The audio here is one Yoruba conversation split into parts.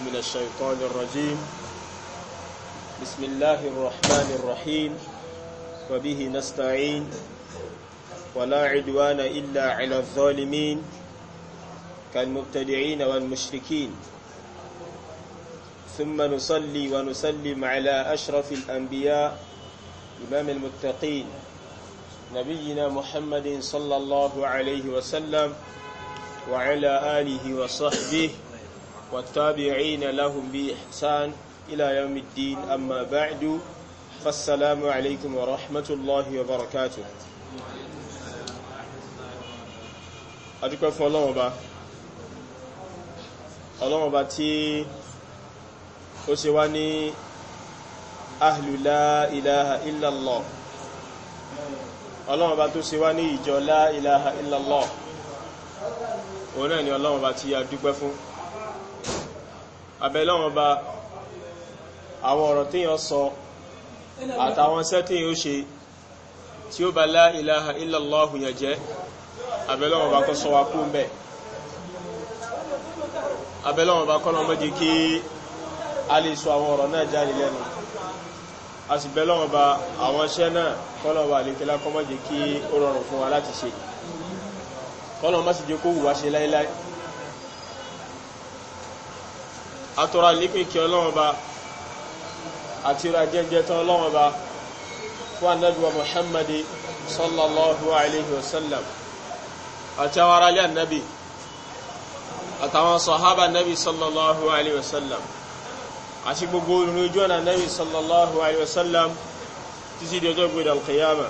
من الشيطان الرجيم بسم الله الرحمن الرحيم وبه نستعين ولا عدوان إلا على الظالمين كالمبتدعين والمشركين ثم نصلي ونسلم على أشرف الأنبياء إمام المتقين نبينا محمد صلى الله عليه وسلم وعلى آله وصحبه والتابعين لهم بإحسان إلى يوم الدين أما بعد فالسلام عليكم ورحمة الله وبركاته أدوكم فالله وبا الله وبا تي أسواني أهل لا إله إلا الله ọlọ́run bá tó ṣe wá ní ìjọ la ilaha illallah òun náà ni ọlọ́run bá ti a dúpẹ́ fún abẹ́lọ́wọ́n bá àwọn ọ̀rọ̀ tí yàn sọ àtàwọn iṣẹ́ tí yàn ó ṣe tí ó bá la ilaha illallahu yàn jẹ́ abẹ́lọ́wọ́n bá kọ́ sọ wa kú mẹ́ abẹ́lọ́wọ́n bá kọ́ lọ́mọ́jì kí a lè sọ àwọn ọ̀rọ̀ náà jáde lẹ́nu a sì bẹ́lọ́wọ́n bá àwọn iṣẹ́ náà kọ́lọ́wà àlékẹ́lá kọ́mọ́jì atọ́ra lékún kí ọlọ́run ba àti ra jẹ́jẹ́ tán ọlọ́run ba fún anábíwa muhammadi sallallahu alayhi wa sallam àti àwọn aráalé anábì àtàwọn sọ̀hábà anábì sallallahu alayhi wa sallam àti gbogbo olùrin ojú ọ̀nà anábì sallallahu alayhi wa sallam títí di ọjọ́ gbé dalkiyama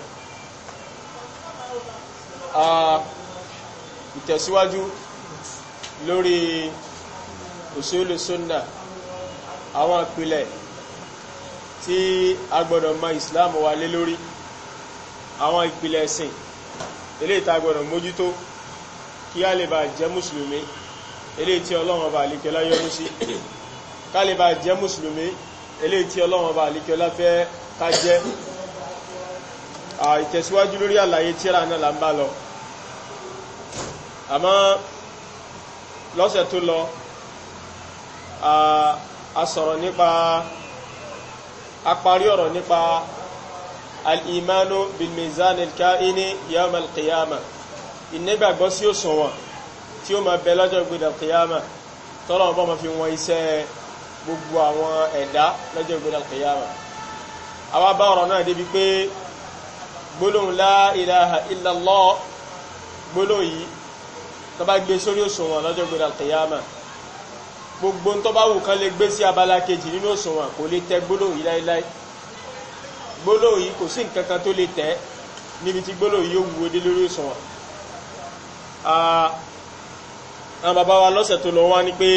ìtẹ̀síwájú lórí usulu sunna àwọn ìpìlẹ̀ tí a gbọ́dọ̀ mọ islam wa lé lórí àwọn ìpìlẹ̀ ẹ̀sìn eléyìí tá a gbọ́dọ̀ mójútó kí a lè bá jẹ́ mùsùlùmí eléyìí tí ọlọ́run ọba àlíkẹ́lá yọ́nú sí ká lè bá jẹ́ mùsùlùmí eléyìí tí ọlọ́run ọba àlíkẹ́lá fẹ́ ká jẹ́ ìtẹ̀síwájú lórí àlàyé tírà náà là ń bá lọ àmọ́ lọ́sẹ̀ tó lọ a sọ̀rọ̀ nípa a parí ọ̀rọ̀ nípa al-imanu bil mizan al-ka'ini yawm al-qiyama ìnígbàgbọ́ sí òṣùwọ̀n tí ó ma bẹ lọ́jọ́ gbẹ̀dẹ̀ al-qiyama tọ́lọ̀ ọba ma fi wọn iṣẹ́ gbogbo àwọn ẹ̀dá lọ́jọ́ gbẹ̀dẹ̀ al-qiyama àwa bá ọ̀rọ̀ náà débi pé gbólóhùn la gbogbo tó bá wù kán lè gbé sí abala kejì nínú òṣùwọ̀n kò lè tẹ gbólóhùn yìí láíláí gbólóhùn yìí kò sí nǹkan kan tó lè tẹ níbi tí gbólóhùn yìí ó wúwo dé lórí òṣùwọ̀n àwọn bàbá wa lọ́sẹ̀ tó lọ wá ní pé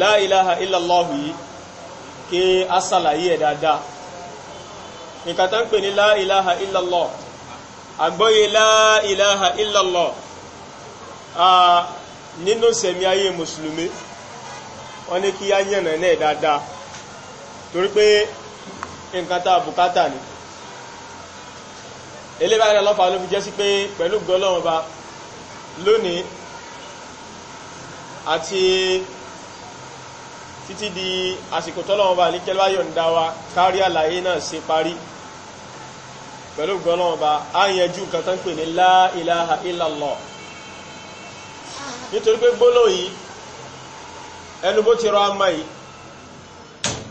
la ilaha illallah yìí kí a ẹ̀ dáadáa nǹkan tán pè ní la ilaha illallah àgbọ́yé la ilaha illallah nínú sẹ̀mí ayé mùsùlùmí wọ́n ní kí á yànnà náà dáadáa torí pé nǹkan tá a bùkátà ni eléyìí náà lọ́fà ló fi jẹ́ sí pé pẹ̀lú gbọ́lọ́wọ́n lónìí àti títí di àsìkò tọ́lọ́wọ́n ba níkẹ́ báyọ̀ ń dá wa kárí àlàyé náà ṣe parí pẹ̀lú gbọ́lọ́wọ́n á yanjú nǹkan tán pè ní la ilaha illallah nítorí pé gbólóhùn yìí ẹnu bó ti rọ àmà yìí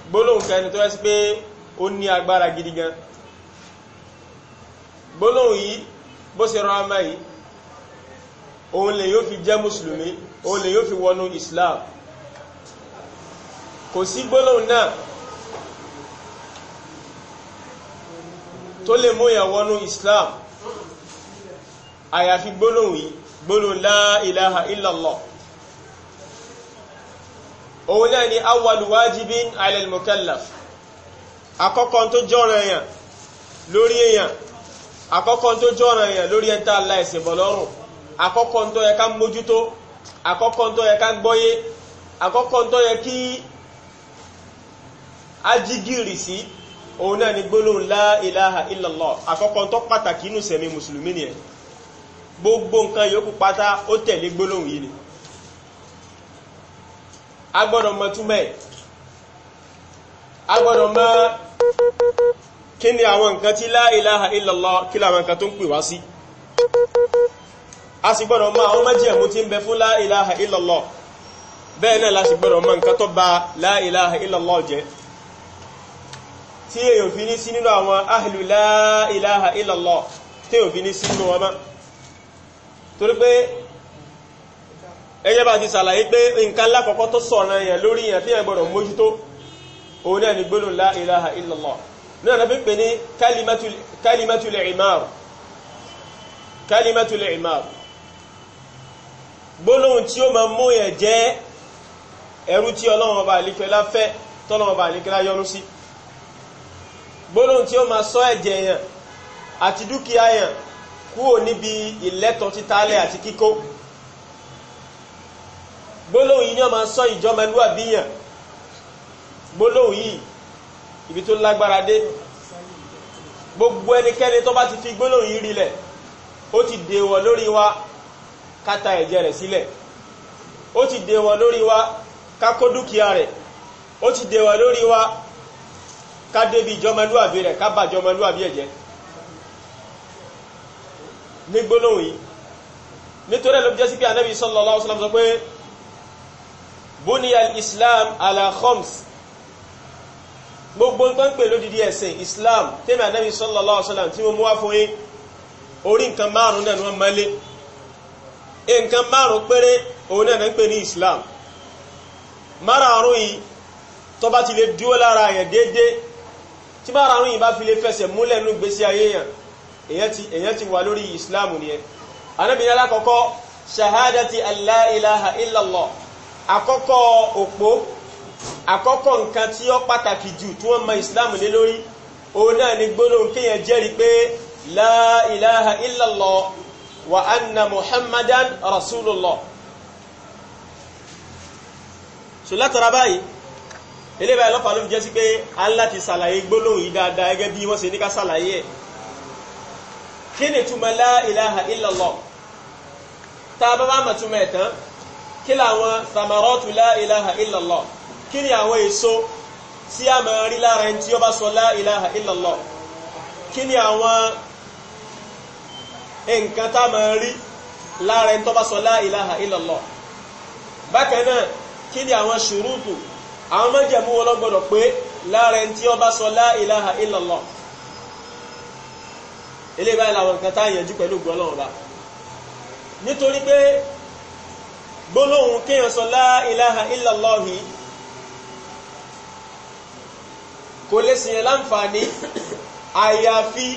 gbólóhùn kan ẹni tó ẹ́sí pé ó ní agbára gidi gan gbólóhùn yìí bó ti rọ àmà yìí òun lè yóò fi jẹ́ mùsùlùmí òun lè yóò fi wọnú Islam kò sí gbólóhùn náà tó lè mú yà wọnú Islam àyàfi gbólóhùn yìí gbólóhùn la ilaha illallah òun náà ni awwalu wajibin ala al-mukallaf àkọ́kọ́ tó jọ́rọ̀ lori lórí ya àkọ́kọ́ tó jọ́rọ̀ èèyàn lórí ẹ̀ta aláìsìnbọ̀ lọ́rùn àkọ́kọ́ tó yẹ ká mójútó àkọ́kọ́ tó yẹ ká gbọ́yé àkọ́kọ́ tó yẹ kí sí òun náà ni gbólóhùn ilaha tó pàtàkì inú sẹ̀mí gbogbo nǹkan pátá ó tẹ̀lé gbólóhùn yìí a gbọ́dọ̀ mọ túmẹ̀ a gbọ́dọ̀ mọ kí ni àwọn nǹkan tí la ilaha illallah kí làwọn nǹkan tó ń pè wá sí a sì gbọ́dọ̀ mọ àwọn májẹ̀mú tí ń bẹ fún la ilaha illallah bẹ́ẹ̀ náà la sì gbọ́dọ̀ mọ nǹkan tó ba la ilaha illallah tí èyàn fi ní sí nínú àwọn ahlu la ilaha tí èyàn fi ní sí nínú wọn mọ́ torí pé ẹgẹ́ bá ti sàlàyé pé nǹkan lákọ̀ọ́kọ́ tó sọ̀rọ̀ yẹn lórí yẹn fíyàn gbọ́dọ̀ mójútó òun náà ni gbólóhùn la ilaha illallah náà na fi pè ní kalimatul imar kalimatul imar gbólóhùn tí ó ma mú yẹn jẹ́ ẹrú tí ọlọ́run ọba àlíkẹ́lá fẹ́ tọ́lọ́run ọba àlíkẹ́lá yọ́nú sí gbólóhùn tí ó ma sọ ẹ̀jẹ̀ yẹn àti dúkìá yẹn kúrò níbi ìlẹ́tọ̀ títálẹ̀ àti kíkó gbólóhùn yìí ni wọ́n máa sọ ìjọmọlúwàbí yàn gbólóhùn yìí ibi tó lágbára dé gbogbo ẹnikẹ́ni tó bá ti fi gbólóhùn yìí rilẹ̀ ó ti dèwọ̀ lórí wa ká ta ẹ̀jẹ̀ rẹ̀ sílẹ̀ ó ti dèwọ̀ lórí wa ká kó dúkìá rẹ̀ ó ti dèwọ̀ lórí wa ká débi ìjọmọlúwàbí rẹ̀ ká bà ìjọmọlúwàbí ẹ̀jẹ̀ ní gbólóhùn yìí nítorí ẹ̀ ló jẹ́ sí pé Ànábì sallallahu alaihi sọ pé buniyal islam ala khams gbogbo tó ń pè lódìdí ẹ̀sìn islam tẹ́mẹ̀ anábi sallallahu alaihi wasallam tí mo mú wá fún yín orí nǹkan márùn náà ni wọ́n mọ́lé nǹkan márùn péré òun náà ń pè ní islam márààrún yìí tó bá ti lè dúó lára èèyàn déédé tí márààrún yìí bá fi lè fẹsẹ̀ múlẹ̀ nú gbésí ayé yàn èèyàn ti wà lórí islam nìyẹn anábi ní alákọ̀ọ́kọ́ shahadati alla ilaha illallah àkọ́kọ́ òpó àkọ́kọ́ nǹkan tí ó pàtàkì jù tí wọ́n mọ ìsìláàmù lé lórí òun náà ni gbólóhùn kéèyàn jẹ́rìí pé la ilaha illallah wa anna muhammadan rasulullah so látara báyìí eléba ẹlọ́pàá ló fi jẹ́ sí pé Allah ti ṣàlàyé gbólóhùn dáadáa gẹ́gẹ́ bí wọ́n ṣe ní ká ṣàlàyé ẹ̀ kí ni túmọ̀ la ilaha tá a bá bá mọ̀ túmọ̀ ẹ̀ tán kí làwọn samaratu la ilaha illallah kí ni àwọn èso tí a máa rí lára ẹni tí ó bá sọ la ilaha illallah kí ni àwọn nǹkan tá máa rí lára ẹni tó bá sọ la ilaha illallah bákan náà kí ni àwọn ṣùrùtù àwọn májẹ̀mú wọn ló gbọ́dọ̀ pé lára ẹni tí ó bá sọ la ilaha illallah báyìí làwọn nǹkan tá yànjú pẹ̀lú gbọ́lọ́wọ́ nítorí pé gbólóhùn kíyàn sọ la ilaha illallah kò lè sìn yẹn láǹfààní àyàfi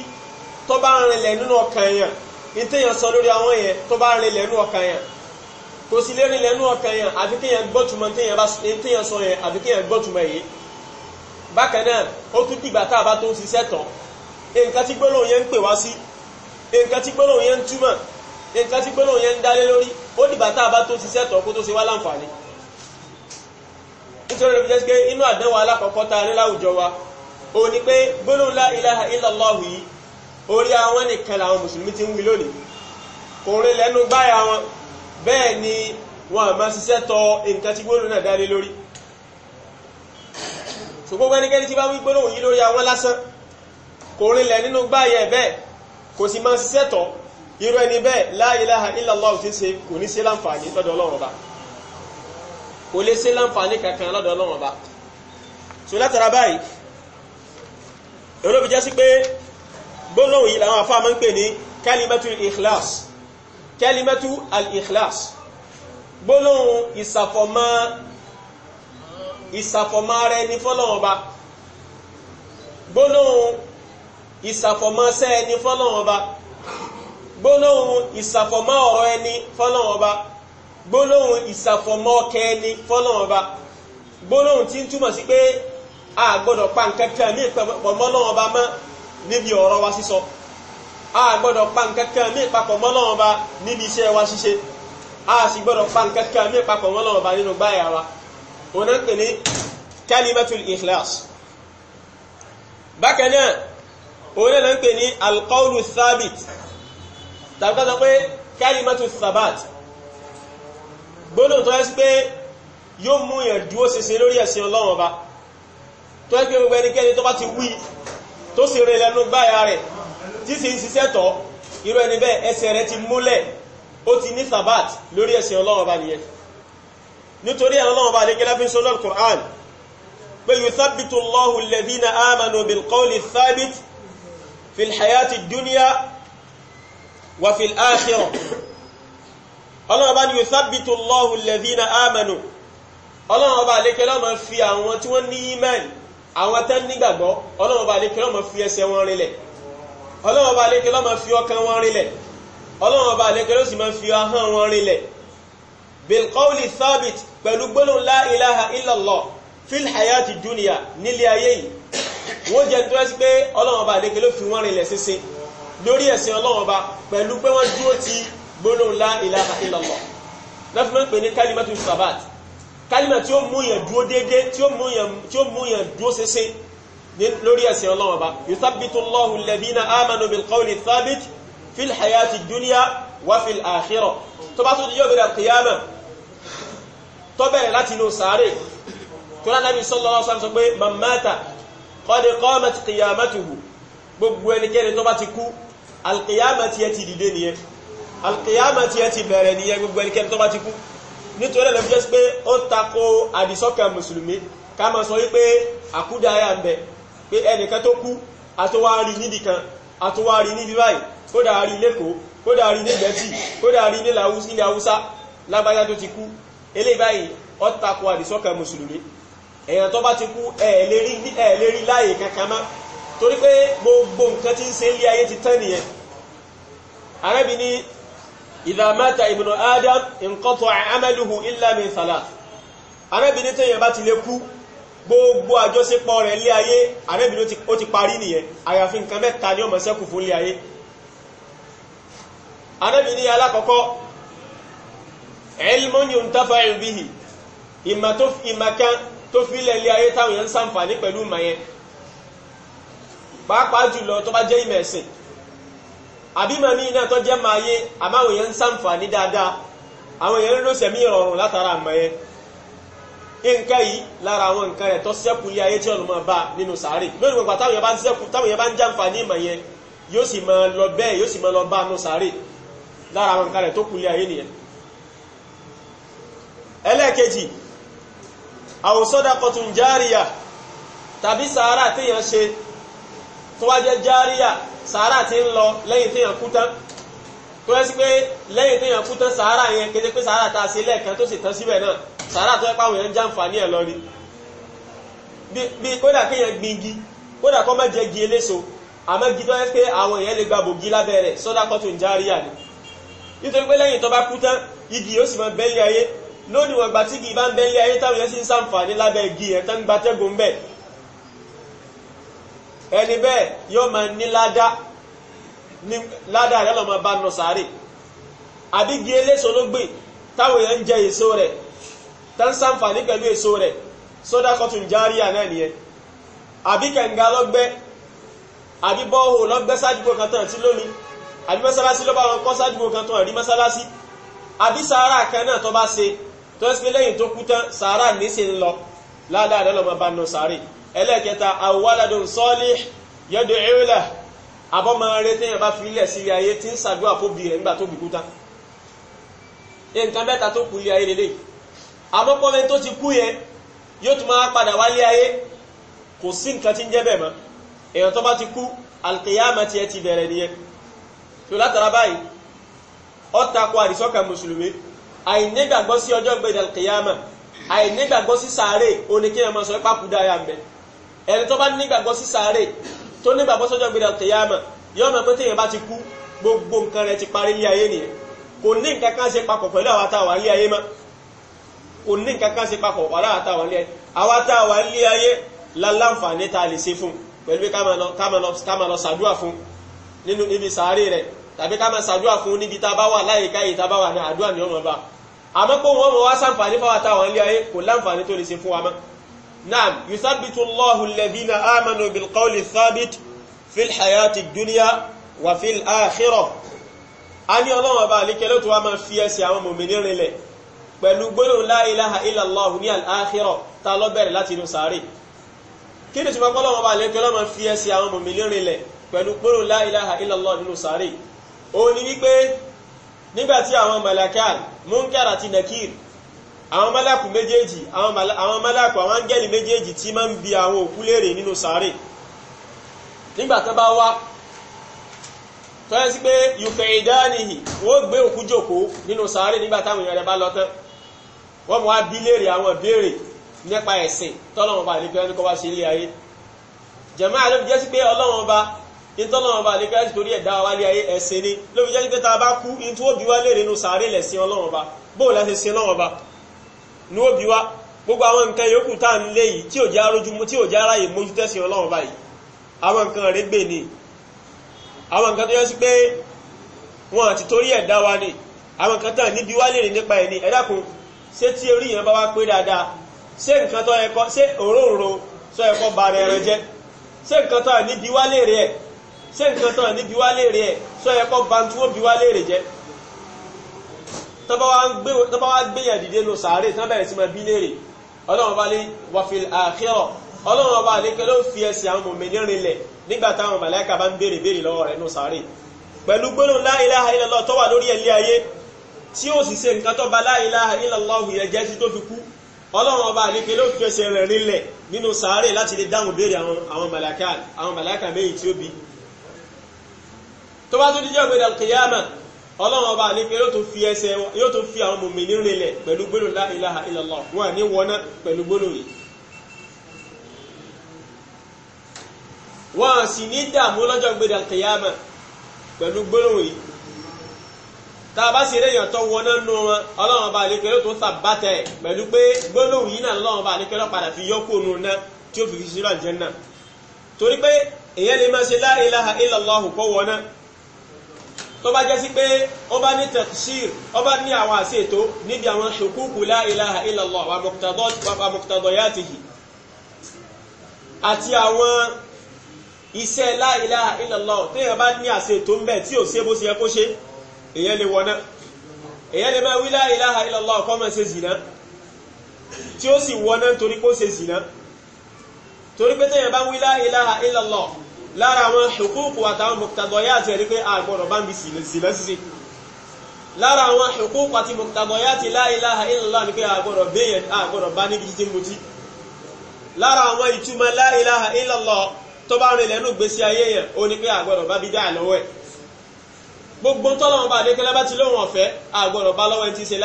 tó bá rinlẹ̀ nínú ọkàn yẹn ìtẹ̀yàn sọ lórí àwọn yẹn tó bá rinlẹ̀ nínú ọkàn yẹn kò sì lè rinlẹ̀ nínú ọkàn yẹn àfi kíyàn gbọ́tùmọ̀ ìtẹ̀yàn sọ yẹn àfi kíyàn gbọ́tùmọ̀ yìí bákan náà ó tún dìgbà tá a bá tó ń ṣiṣẹ́ tán nǹkan tí gbólóhùn yẹn ń pè wá sí nǹkan tí gbólóhùn yẹn ń túmọ̀ nǹkan tí gbólóhùn yẹn ń dálé lórí ó dìgbà tá a bá tó ṣiṣẹ́ tọ̀ kó tó ṣe wá láǹfààní nítorí ìfẹ́ sí pé inú àdánwò alákọ̀ọ́kọ́ tá a láwùjọ wa ó ní pé gbólóhùn la ilaha illallah yìí orí àwọn nìkan làwọn mùsùlùmí ti ń wí lónìí kò rí lẹ́nu gbáyà wọn bẹ́ẹ̀ ni wọn àmá ṣiṣẹ́ tọ nǹkan tí gbólóhùn náà dálé lórí ṣùgbọ́n gbẹ́nikẹ́ni tí bá wí gbólóhùn yìí lórí àwọn lásán kò rí lẹ́ nínú gbáyà ẹ̀ bẹ́ẹ̀ kò sì máa ṣiṣẹ́ tọ̀ irú ẹni bẹ́ẹ̀ la ilaha illallah ti ṣe kò ní ṣe láǹfààní lọ́dọ̀ ọlọ́run ọba kò lè ṣe láǹfààní kankan lọ́dọ̀ ọlọ́run ọba so látara báyìí olóbi jẹ́ sí pé gbólóhùn yìí làwọn afá máa ń pè ní kalimatu al-ikhlas kalimatu al gbólóhùn ìsàfọ̀mọ́ ìsàfọ̀mọ́ ara ẹni fọ́lọ́run ọba gbólóhùn ìsàfọ̀mọ́ sẹ́ ẹni fọ́lọ́run ọba gbólóhùn ìsàfọ̀mọ́ ọ̀rọ̀ ẹni fọ́lọ́run ọba gbólóhùn ìsàfọ̀mọ́ ọkẹ́ ẹni fọ́lọ́run ọba gbólóhùn tí ń túmọ̀ sí pé a gbọ́dọ̀ pa nǹkan kan ní ìpapọ̀ Ọlọ́run ọba mọ́ níbi ọ̀rọ̀ wa sísọ a gbọ́dọ̀ pa nǹkan kan ní ìpapọ̀ níbi iṣẹ́ wa ṣíṣe a sì gbọ́dọ̀ pa nǹkan kan ní ìpapọ̀ nínú gbáyà wa òun náà ń pè ní kalimatul ikhlas bákan náà òun náà ń pè ní alqawlu thabit tàbí ká sọ pé kalimatu thabat gbólóhùn tó yẹ sí pé yóò mú yàn dúró ṣinṣin lórí ẹ̀sìn ọlọ́run ọba tó yẹ pé gbogbo ẹnikẹ́ni tó bá ti wí tó sì rìn lẹ́nu gbáyà rẹ̀ tí sì ń ṣiṣẹ́ tọ́ irú ẹni bẹ́ẹ̀ ẹsẹ̀ rẹ̀ ti múlẹ̀ ó ti ní thabat lórí ẹ̀sìn ọlọ́run ọba nìyẹn nítorí ọlọ́run ọba àdékẹ́lá fi sọ lọ́rùn Qur'an pé yuthabbitu Allahu alladhina amanu bilqawli thabit fil hayati dunya wa fil akhirah ọlọ́run ọba ni yuthabbitu Allahu alladhina amanu ọlọ́run ọba àlékẹ́ lọ́mọ fi àwọn tí wọ́n ní imẹ́ẹ̀lì àwọn tán nígbàgbọ́ ọlọ́run ọba àlékẹ́ lọ́mọ fi ẹsẹ̀ wọn rinlẹ̀ ọlọ́run ọba àlékẹ́ lọ́mọ fi ọkàn wọn rinlẹ̀ ọlọ́run ọba àlékẹ́ ló sì máa fi ahọ́n wọn rinlẹ̀ bilqawli thabit pẹ̀lú gbólóhùn la ilaha illallah hayati dunya nílé ayé yìí wọ́n jẹ́ nítorí pé ọlọ́run ọba àlékẹ́ ló fi wọn rinlẹ̀ sísìn lórí ẹ̀sìn ọlọ́run ọba pẹ̀lú pé wọ́n dúró ti gbólóhùn la ilaha illallah lọ́fi máa ń pè ní kálímẹ́tù sabat kálímẹ́ tí ó mú yàn dúró déédé tí ó mú yàn dúró ṣeṣe lórí ẹ̀sìn ọlọ́run ọba yuthabbitu Allahu alladhina amanu bil qawli thabit fil hayati dunya wa fil akhirah tó bá tó di yóò bẹ̀rẹ̀ kìyàmẹ́ tó bẹ̀rẹ̀ láti inú sàárè tó lá gbogbo ẹnikẹ́ni tó bá ti kú alkiyama ti ẹ ti dìde nìyẹn alkiyama ti ẹ ti bẹ̀rẹ̀ nìyẹn gbogbo ẹnikẹ́ni tó bá ti kú nítorí ẹ̀lẹ́fi jẹ́ pé ó tako àdìsọ́kà mùsùlùmí ká máa sọ wípé àkúdáyà ń bẹ pé ẹnìkan tó kú àtúwárí níbi kan àtúwárí níbi báyìí kódà rí lẹ́kọ̀ọ́ kódà rí nígbẹ̀tì kódà rí nílẹ̀ haúsá lágbájá tó ti kú eléyìí báyìí ó tako àdìsọ́kà mùsùlùmí èèyàn tó bá ti kú ẹ̀ẹ̀lérí láàyè kankan mọ́ torí pé gbogbo nǹkan ti ń ṣe ilé ayé ti tán nìyẹn arábì ní idha mata ibnu adam inqata'a amaluhu illa min thalath arábì ní tẹ́yẹ̀ bá ti lè kú gbogbo àjọṣepọ̀ rẹ̀ lé ayé arábì ní ó ti parí nìyẹn àyàfi nǹkan mẹ́ta ni ó máa ṣẹ́kù fún lé ayé arábì ní alákọ̀ọ́kọ́ ilmun yuntafa'u bihi ìmọ̀ kan tó fi lẹ̀ lé ayé táwọn yẹn ń ṣàǹfààní pẹ̀lú ìmọ̀ yẹn pàápàá àbí màmí iná tó jẹ́ máa yé àmọ́ àwọn èèyàn ń sàǹfààní dáadáa àwọn èèyàn ń lò sẹ̀mí ìrọ̀rùn látara àmọ́ yẹn nǹkan yìí lára àwọn nǹkan rẹ̀ tó sẹ́kù ilé ayé tí ọ̀nà máa bá nínú sàárè lónìí gbogbo táwọn yẹn bá ń sẹ́kù táwọn yẹn bá ń jàǹfààní ìmọ̀ yẹn yóò sì máa lọ bẹ́ẹ̀ yóò sì máa lọ bá nínú sàárè lára àwọn nǹkan rẹ̀ tó kù ilé ayé nìyẹn. ẹlẹ́ẹ̀kejì àwòsọ́dà kọ̀tùnjáàríyà tàbí sàárà téèyàn ṣe tó wá jẹ́ járíyà sàárà ti ń lọ lẹ́yìn téèyàn kú tán tó yẹ sí pé lẹ́yìn téèyàn kú tán sàárà yẹn kété pé sàárà tá a ṣe lẹ́ẹ̀kan tó sì tán síbẹ̀ náà sàárà tó yẹ pé àwọn èèyàn ń jàǹfààní ẹ̀ lọ ni bí kódà kéèyàn gbingi kódà kó má jẹ́ gi eléso àmọ́ gi tó yẹ pé àwọn èèyàn lè gba bògi lábẹ́ rẹ̀ sọ́dà kọ́tù ń járíyà ni nítorí pé lẹ́yìn tó bá kú tán igi yóò sì máa bẹ́lẹ̀ ayé lónìí wọ̀n gbà tí igi bá ń bẹ́lẹ̀ ayé táwọn èèyàn sì ń sàǹfààní lábẹ́ igi yẹn tán gbatẹ́gùn bẹ́ẹ̀ ẹni bẹ́ẹ̀ yóò máa ní ládá ní ládá rẹ̀ lọ́mọ bá nù sáré àbígi eléso ló gbìn táwọn èèyàn ń jẹ èso rẹ̀ tá ń sàǹfààní pẹ̀lú èso rẹ̀ sódà kọ́tùn járíà náà nìyẹn àbí kẹ̀ǹgà lọ́gbẹ́ àbí bọ́ọ̀hù lọ́gbẹ́ sádùgbò kan tán àti lónìí àbí mọ́sálásí ló bá wọn kọ́ sádùgbò kan tán àrí mọ́sálásí àbí sàárà kan náà tó bá ṣe tó ń ṣe lẹ́yìn tó kú tán sàárà níṣe ń lọ ládàá rẹ̀ lọ́mọ bá nù sáré ẹlẹ́ẹ̀kẹta awaladun salih yad'u lahu abọ́mọ rẹ̀ tí yẹn bá fi ilẹ̀ sí ilé ayé tí ń ṣàdúrà fóbi rẹ̀ nígbà tó bìkú tán nǹkan mẹ́ta tó kù ilé ayé lélẹ̀ àmọ́pọ́mẹ́ tó ti kú yẹn yóò tún máa padà wálé ayé kò sí nǹkan tí ń jẹ́ bẹ́ẹ̀ mọ́ èèyàn tó bá ti kú alkiyama ti ẹ ti bẹ̀rẹ̀ nìyẹn tó látara báyìí ó tako àdìsọ́kà mùsùlùmí àìnígbàgbọ́ sí ọjọ́ gbẹ̀dẹ̀ alkiyama àìnígbàgbọ́ sí sàárè oníkéyàmọ́ sọ ipá ẹni tó bá nígbàgbọ́ sí sáré tó nígbàgbọ́ sọ́jọ́ gbéra kẹyàmà yóò mọ̀ pé téèyàn bá ti kú gbogbo nǹkan rẹ̀ ti parí ilé ayé nìyẹn kò ní nǹkan kan ṣe papọ̀ pẹ̀lú àwa tá a wà ilé ayé mọ́ kò ní nǹkan kan ṣe papọ̀ pẹ̀lú àwa tá a wà ilé ayé àwa tá a wà ilé ayé láláǹfààní tá lè ṣe fún pẹ̀lú pé ká máa lọ ṣàdúrà fún nínú níbi sáré rẹ̀ tàbí ká máa ṣàdúrà fún níbi tá a bá wà láyìíká yìí tá a bá wà ní àdúrà ní ọmọ bá àmọ́ pé wọ́n mọ̀ wá ṣàǹfààní fáwa tá ilé ayé kò láǹfààní tó lè ṣe fún wa mọ́ نعم يثبت الله الذين آمنوا بالقول الثابت في الحياة الدنيا وفي الآخرة ani ọlọ́run ọba àlékẹ́ ló tó wá máa fi ẹsẹ̀ àwọn mòmìnir rinlẹ̀ pẹ̀lú gbólóhùn la ilaha illallah ní al-akhirah ta lọ bẹ̀rẹ̀ láti inú sàárè kí ni ṣùgbọ́n ọlọ́run ọba àlékẹ́ ló máa fi ẹsẹ̀ àwọn mòmìnir rinlẹ̀ pẹ̀lú gbólóhùn la ilaha illallah nínú sàárè ó ní wípé nígbàtí àwọn màláíkà Munkar àti Nakir àwọn málàkù méjèèjì àwọn málàkù àwọn áńgẹ́lì méjèèjì tí máa ń bi àwọn òkú léèrè nínú sàárè nígbà tán bá wá tọ́yẹ́ sí pé yùkẹ̀ ìdánihì wọ́n gbé òkú jòkó nínú sàárè nígbà táwọn èèyàn rẹ̀ bá lọ tán wọ́n mọ̀ wá bí léèrè àwọn ìbéèrè nípa ẹ̀sìn tọ́lọ́wọ́n bá àlékẹ́ ẹni kọ́ wá sí ilé ayé jẹ̀mọ́ àlọ́ fi jẹ́ sí ní ó bí wá gbogbo àwọn nǹkan yòókù tá à ń lé yìí tí ò já rójúmú tí ò já ráyè mójú tẹ́sìn ọlọ́run báyìí àwọn nǹkan rẹ̀ gbè ní àwọn nǹkan tó yẹ sí pé wọn àti torí ẹ̀ dá wa ni àwọn nǹkan tán níbi wá lè rìn nípa ẹ̀ ní ẹ dákun tí orí yẹn bá wá pé dáadáa ṣé nǹkan tó yẹ kó òróǹro tó yẹ kó ba ẹran jẹ́ ṣé nǹkan tán níbi wá lè rè ẹ̀ ṣé nǹkan tán níbi wá lè rè ẹ̀ tó yẹ ba tí wọ́n wá lè rè jẹ́ tọ́ba wá gbéyàn dìde nù sàárè tí wọ́n bẹ̀rẹ̀ sí máa bí léèrè ọlọ́run bá lé wàfíl àkírọ̀ ọlọ́run ọba àlékẹ́ ló fi ẹsẹ̀ àwọn mòmìnì rinlẹ̀ nígbà táwọn màláíkà bá ń béèrè béèrè lọ́wọ́ rẹ̀ nù sàárè pẹ̀lú gbólóhùn la ilaha illallah tó wà lórí ẹ̀lẹ́ ayé tí ó sì ṣe nǹkan tó ba la ilaha illallah yẹn jẹ́ sí tó fi kú ọlọ́run ọba àlékẹ́ ló fi ẹsẹ̀ rẹ̀ rinlẹ̀ nínú sàárè láti lè dáhùn béèrè àwọn màláíkà méjì tí ó bí tó bá tó di jẹ́ ògbé ọlọ́run ọba àlékẹ́ yóò tó fi ẹsẹ̀ yóò tó fi àwọn mòmìnir rinlẹ̀ pẹ̀lú gbólò la ilaha illallah wọn ní wọná pẹ̀lú gbólò yìí wọn sì ní dààmú lọ́jọ́ gbèdà kìyàmà pẹ̀lú gbólò yìí tá a bá sì réyàn tó wọná nù wọn ọlọ́run ọba àlékẹ́ yóò tó sàbátẹ̀ pẹ̀lú pé gbólò yìí náà lọ́run ọba àlékẹ́ lọ́ padà fi yọ́kù nù náà tí ó fi fi sílọ̀ jẹ́ náà torí pé èèyàn tó bá jẹ́ sí pé ó bá ní tẹ̀sír ó bá ní àwọn àṣetò níbi àwọn ṣòkúkù la ilaha illallah wa muqtadayatihi àti àwọn iṣẹ́ la ilaha illallah téèyàn bá ní àṣetò ń bẹ̀ tí ò ṣe bó ṣe yẹ kó ṣe èyàn lè wọná èyàn lè máa wí la ilaha illallah ṣe zìnà tí ó sì wọná torí kó ṣe zìnà torí pé téèyàn bá wí la ilaha lára àwọn hukuku àtàwọn mọ̀tàdọ̀yà ti ẹ̀rí pé àgbọ̀rọ̀ bá ń bi sílẹ̀ síse lára àwọn hukuku àti mọ̀tàdọ̀yà ti la ilaha illallah ni pé àgbọ̀rọ̀ béèyàn àgbọ̀rọ̀ bá níbi títí mutí lára àwọn ìtumọ̀ la ilaha illallah tó bá rìn lẹ́nu gbèsè ayé yẹn ó ní pé àgbọ̀rọ̀ bá bídà lọ́wọ́ ẹ̀ gbogbo tọ́lọ́wọ́n bá adékẹ́lẹ́ bá ti lóhun ọ̀fẹ́ àgbọ̀rọ̀ bá lọ́wọ́ ẹ̀ ti ṣe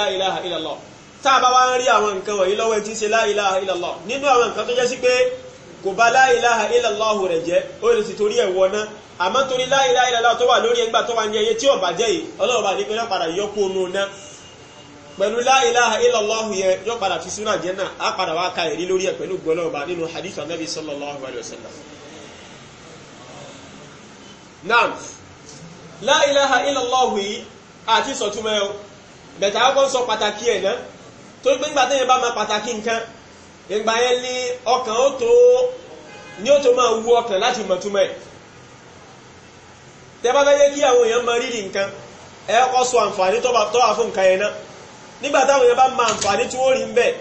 la ilaha sí pé kò bá la ilaha illallah rẹ̀ jẹ́ ó lè sì torí ẹ̀ wọná àmọ́ torí la ilaha illallah tó wà lórí ẹgbà tó wà ní ẹyẹ tí ò bá jẹ́ yìí ọlọ́run bá nípe náà padà yọ kó nu ná pẹ̀lú la ilaha illallah yẹn yọ padà fi sínú àjẹ́nà á padà wá ka ẹ̀rí lórí ẹ̀ pẹ̀lú gbọ́lọ́ọ̀bá nínú hadith anabi sallallahu alayhi wa sallam. naam la ilaha yìí àti sọ̀túnmẹ́ o bẹ̀tà á sọ pàtàkì ẹ̀ náà torí pé nígbà ìgbà yẹn ni ọkàn ó tó ní ó tó máa wú ọkàn láti mọ̀túmọ̀ ẹ̀ bá kí àwọn èèyàn rírì nǹkan ẹ kọ́ sọ àǹfààní tó bá tọ́ wà nǹkan yẹn náà nígbà táwọn èèyàn bá àǹfààní tí wọ́n rí ń bẹ̀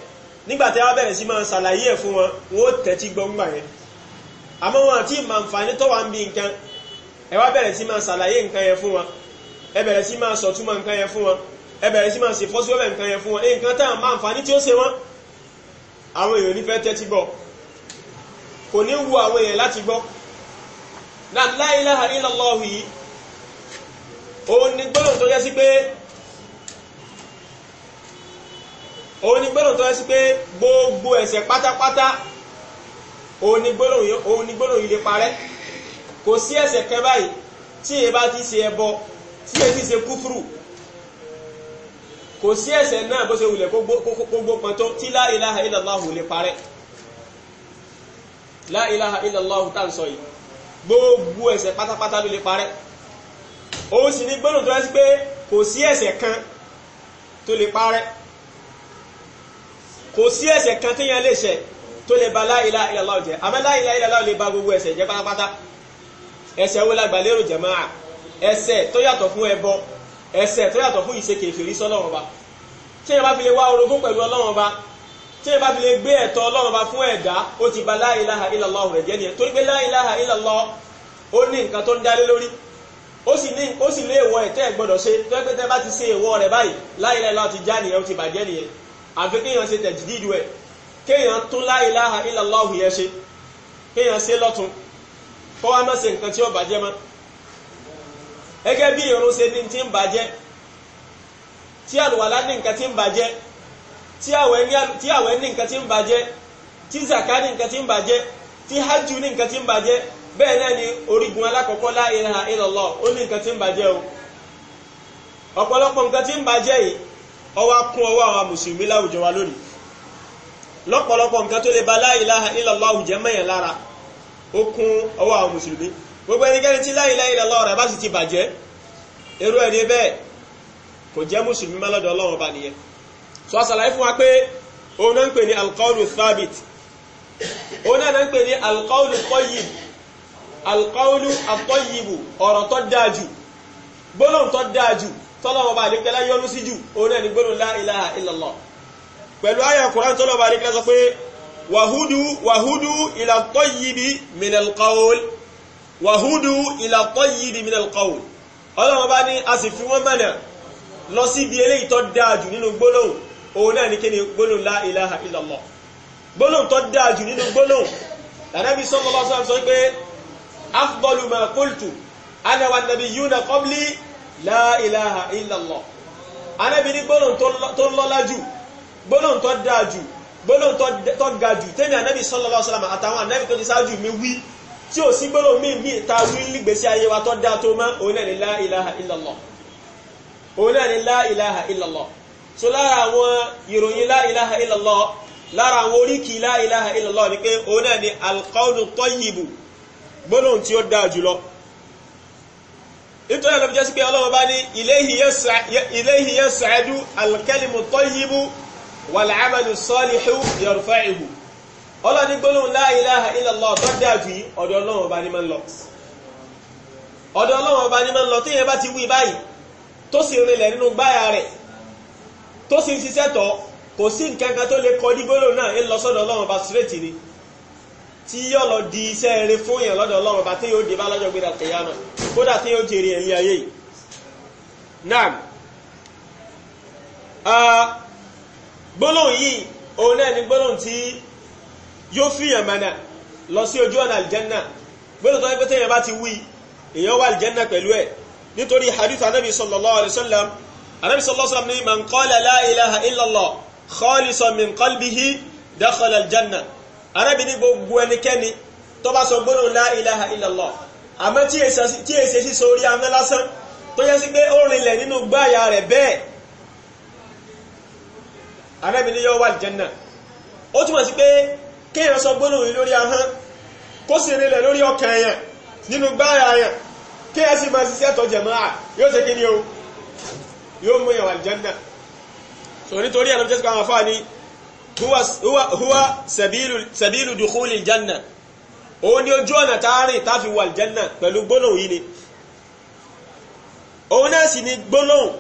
nígbà bẹ̀rẹ̀ sí máa ṣàlàyé ẹ̀ fún wọn gbọ́ngbà yẹn àmọ́ wọn àti àǹfààní tó wà ń bi nǹkan ẹ wá bẹ̀rẹ̀ sí máa ṣàlàyé nǹkan yẹn fún wọn ẹ bẹ̀rẹ̀ sí máa sọ̀túnmọ̀ nǹkan yẹn fún wọn ẹ bẹ̀rẹ̀ sí àwọn èèyàn nífẹ́ tẹ́tí gbọ́ kò ní wu àwọn èèyàn láti gbọ́ náà la ilaha illallah yìí òun ni gbọ́dọ̀ tó yẹ sí pé òun ni gbọ́dọ̀ tó yẹ sí pé gbogbo ẹ̀ṣẹ̀ pátápátá òun ni gbọ́dọ̀ yìí lè parẹ́ kò sí ẹ̀ṣẹ̀ kẹ́ báyìí tí èyí bá ti ṣe ẹbọ tí èyí ti ṣe kúfúrú kò sí ẹ̀ṣẹ̀ náà bó ṣe wulẹ̀ gbogbo pọn tó tí la ilaha illallah lè parẹ́ la ilaha illallah tá ń sọ yìí gbogbo ẹ̀ṣẹ̀ pátápátá ló lè parẹ́ òun sì ní gbọ́nà tó rẹ́sí pé kò sí ẹ̀ṣẹ̀ kan tó lè parẹ́ kò sí ẹ̀ṣẹ̀ kan téèyàn lè ṣẹ̀ tó lè ba la ilaha illallah jẹ́ àmọ́ la ilaha illallah lè ba gbogbo ẹ̀ṣẹ̀ jẹ́ pátápátá ẹ̀ṣẹ̀ wo la gbà lérò jàmáà ẹ̀ṣẹ̀ tó yàtọ̀ fún ẹbọ ese tó yàtọ̀ fún ìṣe kèfèrí sọ́lọ́run ọba tí yẹn bá fi lè wá orogún pẹ̀lú ọlọ́run ọba tí bá fi lè gbé fún ó ti ba la ilaha illallah rẹ̀ jẹ́ nìyẹn torí pé la ilaha illallah ó ní nǹkan tó ń dálé lórí ó sì ní ó sì lé èèwọ̀ ẹ̀tẹ́ ti ṣe èèwọ̀ rẹ̀ báyìí la ilaha ti já nìyẹn ó ti nìyẹn àfi kéèyàn ṣe kéèyàn tún yẹn ṣe kéèyàn ṣe má ṣe nǹkan tí ó gẹ́gẹ́ bí irun ṣe ní ti ń bàjẹ́ tí àlùwàlá ní nǹkan ti ń bàjẹ́ tí àwẹ̀ ní nǹkan ti ń bàjẹ́ tí zaka ní nǹkan ti ń bàjẹ́ tí hajj ní nǹkan ti ń bàjẹ́ bẹ́ẹ̀ náà ni orígun alákọ̀ọ́kọ́ la ilaha ó ní nǹkan ti ń o ọ̀pọ̀lọpọ̀ nǹkan ti ń bàjẹ́ yìí ọwọ́ kún ọwọ́ àwọn mùsùlùmí láwùjọ wa lónìí lọ́pọ̀lọpọ̀ nǹkan tó lè ba lára ó gbogbo ẹnikẹ́ni tí la ilaha illallah rẹ̀ bá sì ti bàjẹ́ irú ẹni bẹ́ẹ̀ kò jẹ́ mùsùlùmí má lọ́dọ̀ Ọlọ́run bá nìyẹn so àṣàlàyé fún wa pé òun náà ń pè ní alqawlu thabit òun náà ń pè ní alqawlu tayyib alqawlu at ọ̀rọ̀ tó dáa jù gbólóhùn tó dáa jù tọ́lọ́wọ́ bá àlékẹ́ láyé ọdún sí jù òun náà ni gbólóhùn la ilaha pẹ̀lú àyà kùrán tọ́lọ́wọ́ bá àlékẹ́ sọ pé wàhúdú wàhúdú ila tayyibi wàhúdù ìlà tayyibi minal qawl ọlọ́run bá ní a sì fi wọ́n mọ̀nà lọ sí ibi eléyìí tó dáa jù nínú gbólóhùn òun náà ní kí ni gbólóhùn la ilaha illallah gbólóhùn tó dáa jù nínú gbólóhùn lànàbí sallallahu alaihi wasallam sọ pé afdalu ma qultu ana wa nabiyyuna qabli la ilaha illallah anábi ní gbólóhùn tó lọ́lá tí ò sí gbọ́dọ̀ míì míì ta wí nígbèsí ayé wa tó dáa tó mọ́ òun náà ni la ilaha illallah òun náà ni la ilaha illallah so lára àwọn ìròyìn la ilaha illallah lára àwọn oríkì la ilaha illallah ni pé òun náà ni alqawlu tayyibu gbọ́dọ̀ tí ó dáa jùlọ nítorí àlọ́ jẹ́ sí pé ọlọ́run bá ní ilayhi yas'adu alkalimu tayyibu wal amalu salihu yarfa'uhu ọlọ́ni gbólóhùn la ilaha illallah tó dájú yìí ọ̀dọ̀ ọlọ́run ọba ní máa ń lọ ọ̀dọ̀ ọlọ́run ọba ní máa ń lọ tí yẹn bá ti wí báyìí tó sì rinlẹ̀ nínú gbáyà rẹ̀ tó sì ń ṣiṣẹ́ tọ̀ kò sí nǹkan kan tó lè kọ ní gbólóhùn náà ń lọ sọ́dọ̀ ọlọ́run ọba straight ni tí yóò lọ di iṣẹ́ rere fún yẹn lọ́dọ̀ ọlọ́run ọba tí yóò dé bá lọ́jọ́ gbéra kẹyàmà kódà tí yóò jèrè ẹ̀mí ayé yìí naam ah, gbólóhùn yìí òun náà ni gbólóhùn tí yóò fìyàn mọ̀nà lọ sí ojú ọ̀nà àlìjẹ́nà gbọ́dọ̀ tó ń pẹ́ tẹ́yìn bá ti wí èèyàn wà àlìjẹ́nà pẹ̀lú ẹ̀ nítorí hadith anabi sallallahu alayhi wa sallam anabi sallallahu alayhi wa sallam ní man qala la ilaha illallah khalisan min qalbihi dakhala aljanna anabi ní gbogbo ẹnikẹ́ni tó bá sọ gbọ́dọ̀ la ilaha illallah àmọ́ tí èsì sí sórí amẹ́ lásán tó yẹ sí pé ó rinlẹ̀ nínú gbáyà rẹ̀ bẹ́ẹ̀ anabi ní yóò wà àlìjẹ́nà ó túmọ̀ sí pé kéèyàn sọ gbólóhùn yìí lórí ahọ́n kó sì rinlẹ̀ lórí ọkàn yẹn nínú gbáyà yẹn kéèyàn sì máa ṣiṣẹ́ tó jẹ̀mọ́ à yóò ṣe kí ni o yóò mú ìwà àlùjánnà so nítorí ẹ̀rọ jésù káwọn afáà ni huwa sabilu dukhuli aljanna òun ni ojú ọ̀nà táàrin táfi wà aljanna pẹ̀lú gbólóhùn yìí ni òun náà sì ni gbólóhùn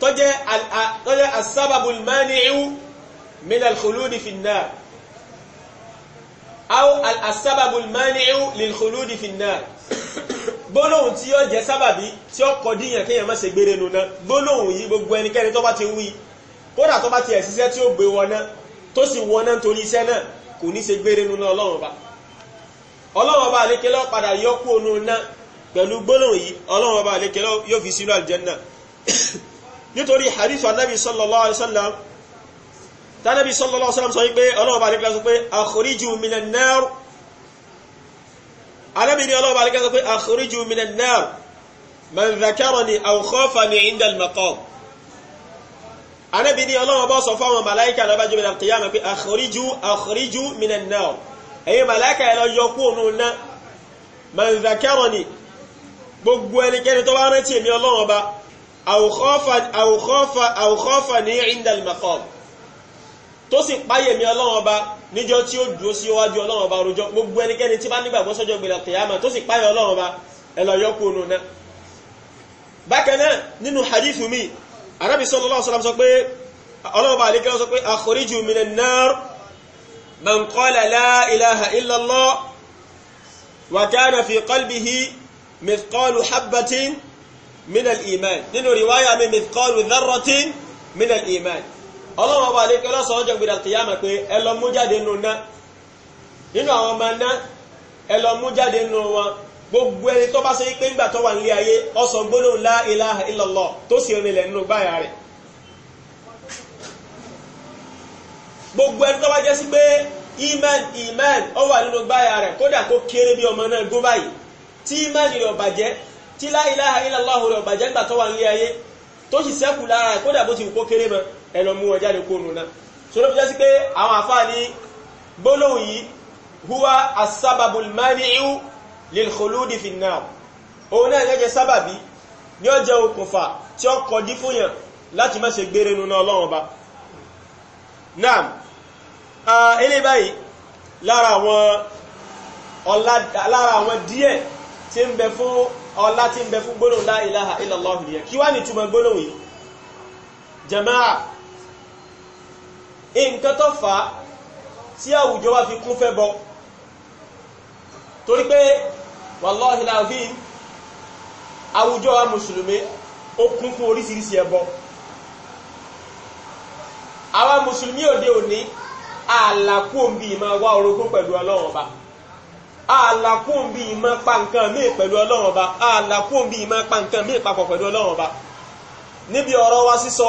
tó jẹ́ asábàbùl máni'u min alkhuludi fi nnar aw asababu maniu lilkhuludi fi nnar gbólóhùn tí yóò jẹ́ sábàbí tí ó kọ díyàn kéèyàn má ṣe gbére nu náà gbólóhùn yìí gbogbo ẹnikẹ́ni tó bá ti wí kódà tó bá ti ẹ̀síṣẹ́ tí ó gbé wọná tó sì wọná nítorí iṣẹ́ náà kò ní ṣe gbére nu náà ọlọ́run ọba ọlọ́run ọba àlékelọ́ padà yọ kú onú náà pẹ̀lú gbólóhùn yìí ọlọ́run ọba àlékelọ́ yóò fi sínú àlùjánnà nítorí hadith anabi sallallahu alayhi wa sallam tánàbí sallallahu alaihi wasallam sọ wípé ọlọ́ọ̀bà alẹ́kẹ́lá sọ pé akhriju minan nar alábì ní ọlọ́ọ̀bà alẹ́kẹ́lá sọ pé akhriju minan nar man dhakarani aw khafani inda al-maqam anábì ní ọlọ́wọ́ bọ́ sọ fáwọn màláìkà lọ́bájú min al-qiyamah pé akhriju akhriju minan nar ẹ̀yin màláìkà ẹ̀ lọ yọ kú òun ná man dhakarani gbogbo ẹnikẹ́ni tó bá rántí èmi ọlọ́wọ́ bá aw tó sì páyè mi ọlọ́run ọba níjọ́ tí ó dúró sí iwájú ọlọ́run ọba rojọ́ gbogbo ẹnikẹ́ni tí bá nígbàgbọ́ sọ́jọ́ gbèrè kìyàmà tó sì páyè ọlọ́run ọba ẹ lọ yọkù ònù náà bákan náà nínú hadithu mi arábi sallallahu alaihi wasallam sọ pé ọlọ́run ọba àlékẹ́ sọ pé akhriju minan nar man qala la ilaha illallah wa kana fi min al-iman nínú riwaya mi mithqalu dharratin min al-iman ọlọ́run ọba àlekẹ́ lọ́sàn ọjọ́ gbèrè àkìyàmọ̀ pé ẹ jáde nù ná nínú àwọn ọmọ ná jáde nù gbogbo ẹni tó bá ṣe pé ńgbà tó ọsọ gbólóhùn la ilaha illallah tó sì rinlẹ̀ nínú gbáyà rẹ gbogbo ẹni tó bá jẹ́ sí pé iman iman ọ wà nínú gbáyà rẹ̀ kódà kó kéré bí ọmọ náà báyìí tí iman tí ẹ lọ mú wọn jáde kó nù náà sọ́dọ̀ fi jásí pé àwọn àfáà ní gbólóhùn yìí huwa asababul mani'u lil khuludi fin nar òun náà lẹ́jẹ̀ sábàbí ní ó jẹ́ okùnfà tí ó kọdí fún yàn láti má ṣe gbére nínú ọlọ́run ba naam ilé báyìí lára àwọn díẹ̀ ọlá tí ń bẹ fún gbólóhùn la ilaha illallah kí wá ní túmọ̀ gbólóhùn yìí jama'a nǹkan tó fà á tí àwùjọ wa fi kún fẹ́ bọ torí pé wàláhì láàfin àwùjọ wa mùsùlùmí ó kún fún oríṣiríṣi ẹbọ àwa mùsùlùmí òde òní àlàkù òǹbí máa wá orogún pẹ̀lú ọlọ́run ọba àlàkù òǹbí máa pa nǹkan míì pẹ̀lú ọlọ́run ọba àlàkù òǹbí máa pa nǹkan míì papọ̀ pẹ̀lú ọlọ́run ọba níbi ọ̀rọ̀ wa sísọ.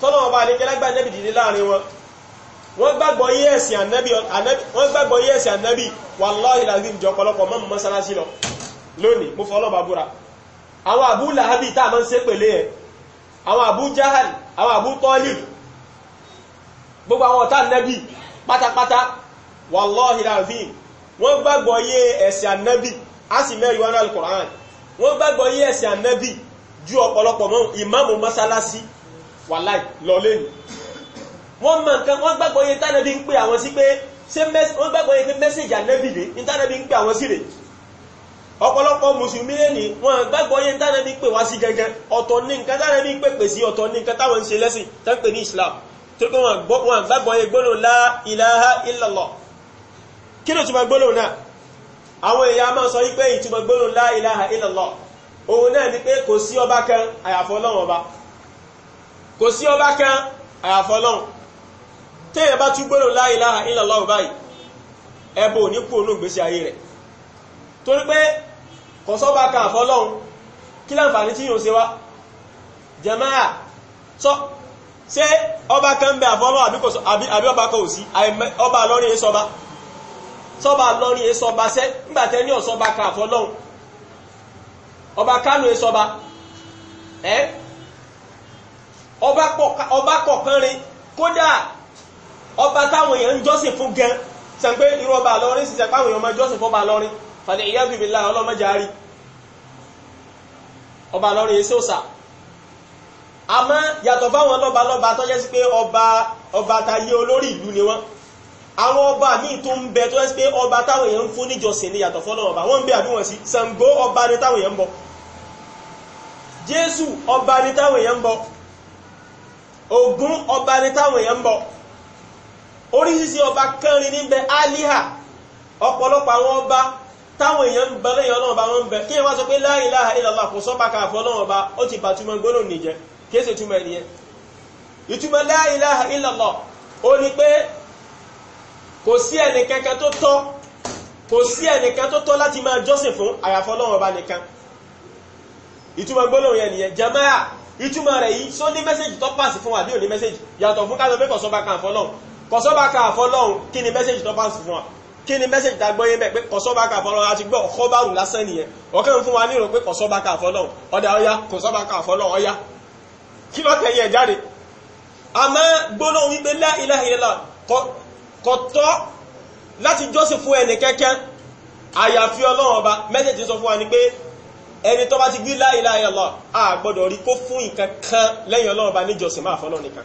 tọ́lọ́ ọba àdékẹ́lá gbà nẹ́bì dìde láàrin wọn wọ́n gbàgbọ́ yé ẹ̀sìn ànẹ́bì wọ́n gbàgbọ́ yé ẹ̀sìn ànẹ́bì wàláhì làzim jọ ọ̀pọ̀lọpọ̀ mọ́ mọ́sálásí lọ lónìí mo fọlọ́ bá búra àwọn àbú làhábì tá a máa pèlé ẹ̀ àwọn àbú jahal àwọn àbú tọ́lìb gbogbo àwọn ọ̀tá ànẹ́bì pátápátá wàláhì làzim wọ́n gbàgbọ́ mọ́ ìmáàmù wàláì lọ́lé ni wọ́n mọ nǹkan wọ́n gbàgbọ́ yẹn tánàbí ń pè àwọn sí pé ṣé wọ́n gbàgbọ́ yẹn pé mẹ́sẹ̀jì ànẹ́bì ni ní tánàbí ń pè àwọn sí rè ọ̀pọ̀lọpọ̀ mùsùlùmí lẹ́ni wọ́n gbàgbọ́ yẹn tánàbí pè wá sí gẹ́gẹ́ ọ̀tọ̀ ní nǹkan tánàbí pè pè sí ọ̀tọ̀ ní nǹkan táwọn ń ṣe lẹ́sìn ní Islam wọ́n gbàgbọ́ yẹn kò sí ọba kan àyàfọlọ́run téèyàn bá tún gbọ́dọ̀ la ilaha illallah báyìí ẹbọ ò ní kú ònú ìgbésí ayé rẹ̀ torí pé kò sọ́ba kan àfọlọ́run kí láǹfààní tí yóò ṣe wá jàmáà sọ ṣé ọba kan bẹ àfọlọ́run àbí ọba kan ò sí ọba lọ́rin yẹn sọba sọba lọ́rin yẹn sọba ṣẹ́ nígbà tẹ́ ní ọ̀sọ́ba kan àfọlọ́run ọba kánú yẹn sọba ẹ́ ọba kọ̀ọ̀kan rin kódà ọba táwọn èèyàn ń jọ́sìn fún gan sàn pé irú ọba lọ́rin sì sẹ́pá àwọn èèyàn máa jọ́sìn fún ọba lọ́rin fàdé ìyá bìbí lára ọlọ́mọdé àárí ọba lọ́rin yìí sí òsà àmọ́ yàtọ̀ fáwọn lọ́ba lọ́ba tó jẹ́ sí pé ọba ọba tayé olórí ìlú ni wọ́n àwọn ọba míì tó ń bẹ tó jẹ́ sí pé ọba táwọn èèyàn ń fún níjọsìn ni yàtọ̀ fọ́lọ́ ọba wọ́n ń bẹ àbí wọ́n sí Ṣàngó ọba ni táwọn èèyàn ń bọ Jésù ọba ni táwọn èèyàn ń bọ Ogun ọba ni táwọn èèyàn ń bọ̀ oríṣiríṣi ọba kẹrin níbẹ̀ aliha ọ̀pọ̀lọpọ̀ àwọn ọba táwọn èèyàn ń bẹ lẹ́yìn ọlọ́run bá wọn ń bẹ kí ẹ wá sọ pé la ilaha illallah kò sọ́ba káàfù ọlọ́run bá ó ti bàtúmọ̀ gbólóhùn nìjẹ kí èsì ìtumọ̀ ẹ̀ nìyẹn ìtumọ̀ la ilaha illallah ó ní pé kò sí ẹnìkankan tó tọ́ kò sí ẹnìkan tó tọ́ láti máa jọ́sìn fún àyàfọ́ ọlọ́run bá nìkan ìtumọ̀ gbólóhùn yẹn nìyẹn jamaa ìtumọ̀ rẹ̀ yìí só ní mẹ́sẹ̀jì tó pàṣẹ fún wa bí ò ní mẹ́sẹ̀jì yàtọ̀ fún káàkiri pé kọ̀sọ́bà kan àfọlọ́hun kọ̀sọ́bà kan àfọlọ́hun kí ni mẹ́sẹ̀jì tó pàṣẹ fún wa kí ni mẹ́sẹ̀jì tá gbọ́yé bẹ́ẹ̀ pé kọ̀sọ́bà kan àfọlọ́hun àti gbọ́ ọkọ́ bá rù lásán nìyẹn ọ̀kẹ́ fún wa nírò pé kọ̀sọ́bà kan àfọlọ́hun ọ̀dà ọ̀yá kọ̀sọ́bà kan àfọlọ́hun ọ̀yá kí ló tẹ̀yẹ jáde àmọ́ gbóná wípé lá ilaha illallah kò tọ́ láti jọ́sìn fún ẹnì kẹ́kẹ́ àyàfi ọlọ́run ọba mẹ́sẹ̀jì sọ fún wa ni pé ẹni tó bá ti gbé la ilaha illallah a rí kó fún nǹkan kan lẹ́yìn ọlọ́run bá níjọsìn máa fọ́lọ́ nìkan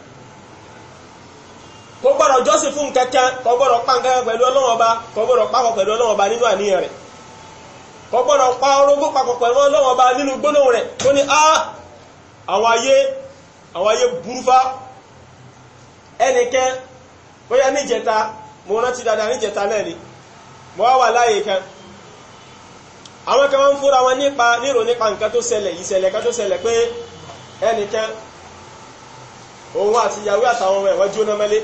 kò gbọ́dọ̀ jọ́sìn fún nǹkan kan kò gbọ́dọ̀ pa nǹkan pẹ̀lú ọlọ́run ọba kò gbọ́dọ̀ papọ̀ pẹ̀lú ọlọ́run ọba nínú àníyàn rẹ̀ gbọ́dọ̀ pa orógbó papọ̀ pẹ̀lú a àwọn ayé àwọn ayé burúfá ẹnìkan bóyá níjẹta mo rántí dáadáa níjẹta náà ni mo wá àwọn kan ń fúra wọn nípa nírò nípa nǹkan tó ṣẹlẹ̀ ìṣẹ̀lẹ̀ kan tó pé ẹnìkan òun àti ìyàwó àtàwọn ọmọ jóná mẹ́lé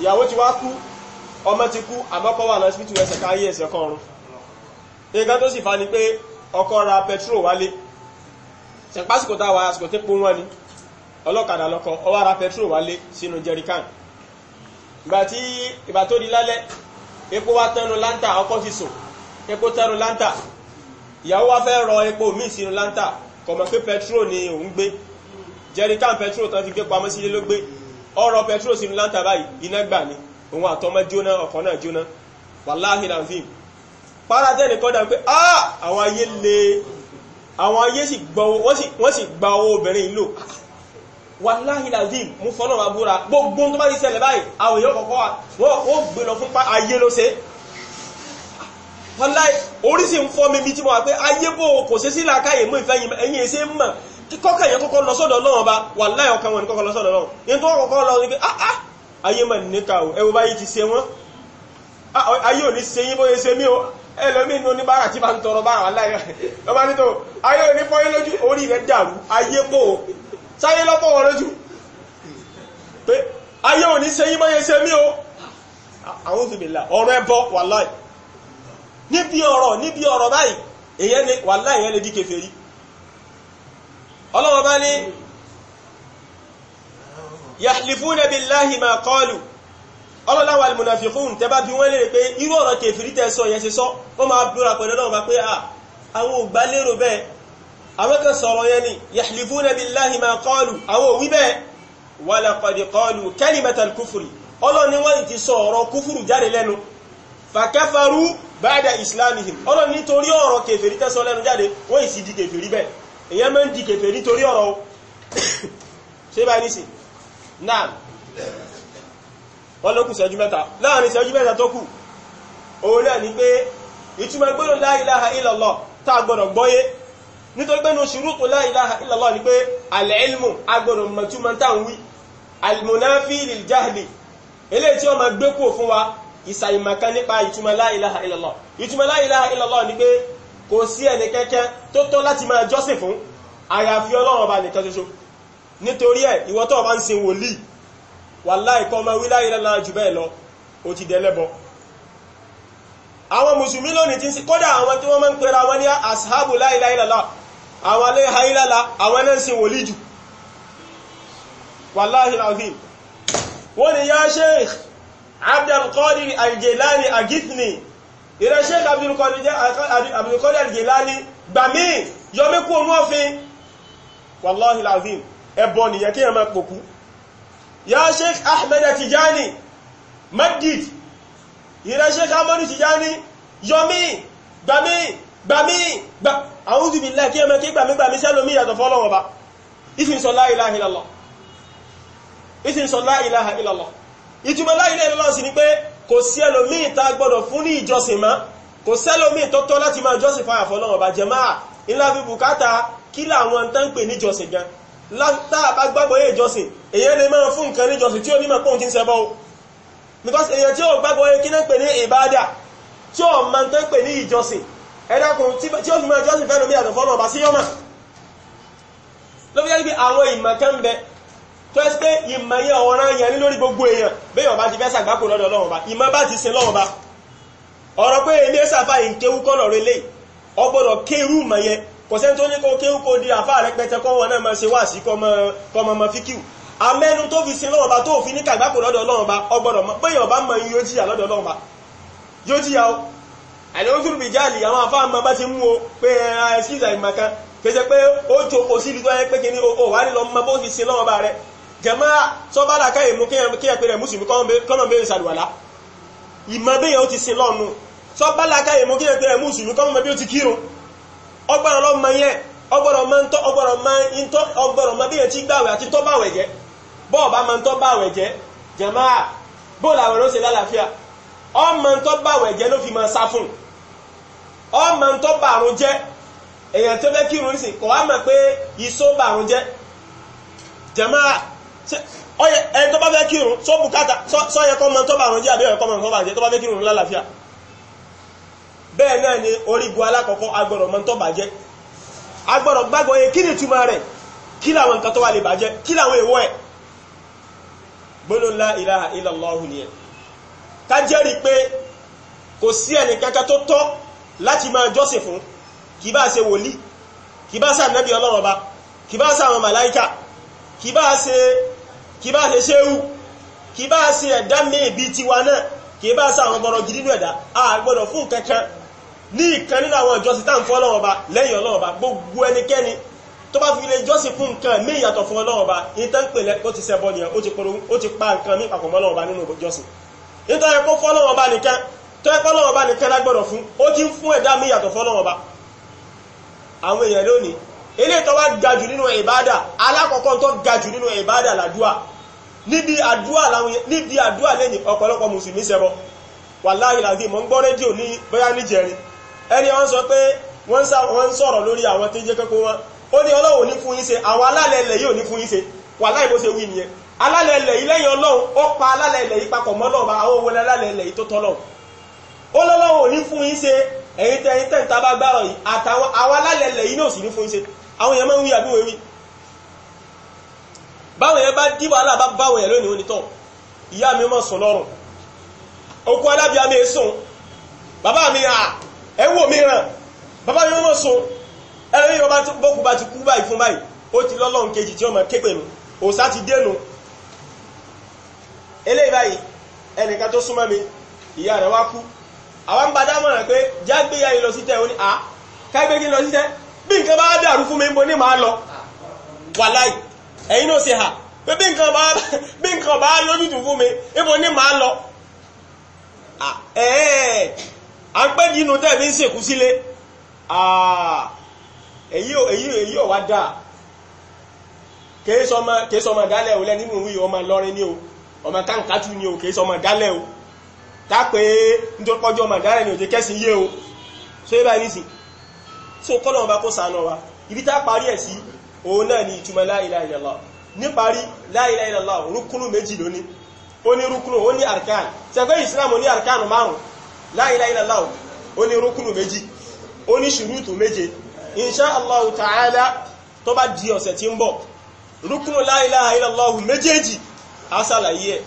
ìyàwó ti wá kú ọmọ ti kú àmọ́kọ́ wà lọ́sibítù ẹsẹ̀ káyé ẹsẹ̀ kan nǹkan tó sì fa ni pé ọkọ ra wálé tá a wà àsìkò ra wálé sínú ìgbà tí ìgbà tó di lálẹ́ epo ọkọ ti sùn epo tẹnu láńtà ìyàwó wa fẹ́ rọ epo míì sínú láńtà kò pé pẹtrol ni òun gbé jẹrìkan pẹtrol tán fi gbé pamọ́ sílé ló gbé ọrọ̀ pẹtrol sínú láńtà báyìí iná gbà ni òun àtọmọ jóná ọkọ̀ náà jóná wàláhìn àfihàn para tẹ́nì kọ́dà pé ah, àwọn ayé le àwọn ayé sì gba owó obìnrin ìlò wàláhìn àfihàn mú fọ́nà wà búra gbogbo tó bá ti ṣẹlẹ̀ báyìí àwọn èèyàn kọ̀kọ́ wọ́n gbé lọ fún ayé ló ṣe é wàláì oríṣi ń fọ́ mi bí tí mo wà pé ayé bò kò ṣe sí làákàyè mú ìfẹ́ ẹ̀yìn ẹ̀ṣẹ́ mọ̀ kíkọ́kàn yẹn kọ́kọ́ lọ sọ́dọ̀ Ọlọ́run ọba wàláì ọkàn wọn ni kọ́kọ́ lọ sọ́dọ̀ Ọlọ́run yẹn tó kọ́kọ́ lọ ni pé ah ah ayé mà níka o ẹwọ báyìí ti ṣe wọn ah, ayé ò ní ṣe yín bóyá ṣe mí o ẹlòmíín ní oníbàárà tí bá ń tọrọ bára wàláì ọba ní tó ayé ò ní fọyín lójú orí rẹ dàrú ayé bò sáyé lọ́pọ̀ wọn lójú pé ayé ò ní ṣe yín bóyá o àwọn òfin mi là ọ̀rọ̀ ẹbọ níbi ọ̀rọ̀ níbi ọ̀rọ̀ báyìí èyẹ́ ni wàhálà èyẹ́ lè di kèfèrí ọlọ́wọ́ bá ní yahlifuna billahi ma qalu ọlọ́láwà almunafiqun tẹbá bí wọ́n lè pé irú ọ̀rọ̀ kèfèrí tẹ́ sọ yẹn ṣe sọ ó máa búra pẹ̀lú ọlọ́wọ́ bá pé àwọn ògbà lérò bẹ́ẹ̀ àwọn kan sọ̀rọ̀ yẹn ni yahlifuna billahi ma qalu àwọn òwí bẹ́ẹ̀ walaqad qalu kalimatal kufri ọlọ́ni wọ́n ti sọ ọ̀rọ̀ kúfùrù jáde lẹ́nu fàkẹ́fàrú báyàdà islamihim ọlọ́run nítorí ọ̀rọ̀ kèfèrí tẹ́sọ lẹ́nu jáde wọ́n ìsì di kèfèrí bẹ́ẹ̀ èyàn mẹ́ ń di kèfèrí torí ọ̀rọ̀ ṣe bá ní sí náà wọ́n ló kù sẹ́jú mẹ́ta láàrin sẹ́jú mẹ́ta tó kù òun náà ni pé ìsàìmọ̀kan nípa ìtumọ̀ la ilaha illallah ìtumọ̀ la ilaha illallah ni pé kò sí ẹni kẹ́kẹ́ tó tọ́ láti máa jọ́sìn fún àyàfi ọlọ́run ọba nìkan ṣoṣo nítorí ẹ̀ ìwọ tó bá ń sin wòlíì wàláhì kó máa wí la ilaha illallah jù bẹ́ẹ̀ lọ ó ti dẹlẹ́bọ àwọn mùsùlùmí lónìí ti ń sin kódà àwọn tí wọ́n máa ń pera wọn ní ashabu la ilaha illallah àwọn alẹ́ haílálà àwọn ẹlẹ́ ń sin wòlíì jù wàláhì alazim wọ́n ni yá sheikh abdulkadir aljelani agithni ìrẹ sheikh abdulkadir aljelani gbàmí yọmí kú òun òfin wallahi alazim ẹbọ nìyẹn kí ẹ máa pòkú ya sheikh ahmed tijani madid ìrẹ sheikh ahmed tijani yọmí gbàmí gbàmí gbà a'udhu billahi kí ẹ máa kí gbàmí gbàmí sẹ́lómi ìyàtọ̀ fọ́lọ́wọ́ bá ìsìn sọ la ìtumọ̀ la ilaha illallah sí ni pé kò sí ẹlòmíì tá a gbọ́dọ̀ fún ní ìjọsìn mọ́ kò sẹ́lòmíì tó tọ́ láti máa jọ́sìn fáyà fọlọ́wọ̀n bá jẹmáà ńlá fi bùkátà kí làwọn tán pè níjọsìn gan tá a bá gbàgbọ́ yé ìjọsìn èyàn lè máa fún nǹkan níjọsìn tí ó ní mọ̀pọ̀ tí ń ṣẹbọ because èyàn tí ó gbàgbọ́ yé kí náà pè ní ìbádà tí ó máa tán pè ní ìjọsìn ẹ̀dàkùn tí ó fi máa jọ́sìn fẹ́lòmíì àtọ̀fọ́lọ́wọ̀n bá sí yọ́mà ló fi jẹ́ pé àwọn ìmọ̀ kan bẹ tó ẹ́ pé ìmọ̀ yẹn ọ̀ràn yẹn ní lórí gbogbo èèyàn béèyàn bá ti fẹ́ ṣàgbákò lọ́dọ̀ Ọlọ́run bá ìmọ̀ bá ti se lọ́wọ́ bá ọ̀rọ̀ pé ilé sàfà ìkéwú kọ́ lọ́rọ̀ eléyìí ọgbọ́dọ̀ kéwú ìmọ̀ yẹn kò sẹ́ni tó ní kó kéwú kó di àfáà a kọ́ wọn náà máa wá sí amẹ́nu fi lọ́wọ́ bá tó fi ní kàgbákò lọ́dọ̀ bá ọgbọ́dọ̀ bá jẹ̀mọ́ sọ́bàdà káyè mú kí ẹ̀pẹ̀ rẹ̀ mùsùlùmí kọ́nà bẹ́ẹ̀ sàlùwàlá ìmọ̀ bẹ́ẹ̀ ó ti sin lọ́nu sọ́bàdà káyè mú kí ẹ̀pẹ̀ rẹ̀ mùsùlùmí kọ́nà ti kírun ọgbọ́dọ̀ lọ mọ yẹn ọgbọ́dọ̀ ntọ́ ọgbọ́dọ̀ mọ ntọ́ ọgbọ́dọ̀ mọ ti gbàwẹ̀ àti tọ́ bàwẹ̀ jẹ́ bọ́ọ̀bá ntọ́ bàwẹ̀ jẹ́ jẹ̀mọ́ bóòlù àwẹ̀ ló ṣe lálàáfíà ọmọ ntọ́ bàwẹ̀ jẹ. ọyẹ ẹni tó bá fẹ́ kírun tó bùkátà sọ́yẹ kọ́mọ tó bá rún jẹ́ àbẹ́yẹ kọ́mọ tó bá jẹ́ tó bá fẹ́ kírun lálàáfíà bẹ́ẹ̀ náà ni orígun alákọ̀ọ́kọ́ agbọ́dọ̀ mọ́ tó bá jẹ́ agbọ́dọ̀ gbàgbọ́ yẹ kí ni túmọ̀ rẹ̀ kí làwọn nǹkan tó wà lè bàjẹ́ kí làwọn èèwọ̀ ẹ̀ gbólóhùn la ilaha illallahu nìyẹn ká jẹ́rìí pé kò sí ẹnì kankan tó tọ́ láti máa jọ́sìn fún kì bá ṣe wòlíì kì bá ṣe ànábì ọlọ́run ọba kì bá ṣe àwọn màláìkà kì bá ṣe kì bá ṣe ṣéwù kì bá ṣe ẹ̀dá míì bíi tiwa náà kì bá ṣe àwọn bọ̀rọ̀ gidi nínú ẹ̀dá a gbọ́dọ̀ fún kankan ní ìkan nínú àwọn ìjọsìn tá à ń fún Ọlọ́run Ọba lẹ́yìn Ọlọ́run Ọba gbogbo ẹnikẹ́ni tó bá fi lè jọ́sìn fún nǹkan míì yàtọ̀ fún Ọlọ́run Ọba yìí tán pèlẹ́ ó ti ṣẹbọ nìyẹn ó ti pa nǹkan míì papọ̀ mọ́ Ọlọ́run Ọba nínú ìjọsìn nítorí pé fọ́lọ́run Ọba nìkan tó ẹ́ pọ́lọ́run Ọba nìkan lágbọ́dọ̀ fún ó ti ń fún ẹ̀dá míì yàtọ̀ fọ́lọ́run Ọba àwọn èèyàn lónìí eléyìí tó wá nínú ibada alákọ̀ọ́kọ́ tó jù nínú ibada làdúà níbi àdúà láwọn níbi àdúà lẹ́yìn ọ̀pọ̀lọpọ̀ mùsùlùmí ṣẹbọ wàláhì làdí mọ́ ń gbọ́ rédíò ní bóyá níjẹ̀rin ẹni wọ́n sọ pé wọ́n ń sọ̀rọ̀ lórí àwọn tó jẹ́ kẹ́kọ̀ọ́ wọn ó ní ọlọ́wọ́ ní fún yín ṣe àwọn alálẹ̀ yóò ní fún yín ṣe wàláhì bó ṣe wí nìyẹn alálẹ̀ pa alálẹ̀ papọ̀ àwọn owó alálẹ̀ tó ó lọ́lọ́wọ́ ní fún yín ṣe àwọn èèyàn máa ń wí àbí wọ́n wí báwọn èèyàn bá dí wàhálà bá báwọn èèyàn lónìí onítọ̀ ìyá mi mọ̀ sọ lọ́rùn okú alábíà mi sùn bàbá mi à ẹ̀wò mi ràn bàbá mi máa sùn ẹ̀rọ yìí ọba bọ́kù bá ti kú báyìí fún báyìí ó ti lọ́lọ́run kejì tí òsá ti eléyìí báyìí ẹnìkan tó súnmọ́ mi ìyá rẹ̀ wá kú àwọn pé jágbéyà yìí lọ sí ó ní à lọ sí bí nǹkan bá dàrú fún mi mo ní màá lọ wàláì ẹ̀yin náà ṣe hà pé bí nǹkan bá bí nǹkan bá lójútùú fún mi ibo ní màá lọ ẹ̀ẹ́ à ń pẹ́ nínú tẹ́ẹ̀mí ń ṣèkú sílé èyí èyí èyí ò wá dáa kèé sọmọ kèé sọmọ dálẹ̀ o lẹ́nu ìwé ọmọ lọ́rin ní o ọmọ káńkátù ní o kèé sọmọ dálẹ̀ o tá pé nítorí pọ́jọ́ ọmọ dálẹ̀ ní òjò kẹ́sìn yé o ṣé báyìí nísìnyí so kọ́lọ̀wọ́n bá kó sànà wa ibi tá parí ẹ̀ sí òun náà ni ìtumọ̀ la ilaha illallah níparí la ilaha illallah rúkúnù méjì lóní ó ní rúkúnù ó ní arkan sẹ́gbẹ́ islam ó ní arkan márùn la ilaha illallah ó ní rúkúnù méjì ó ní ṣùrútù méje insha allah ta'ala tó bá di ọ̀sẹ̀ tí ń bọ̀ rúkúnù la ilaha illallah méjèèjì asàlàyé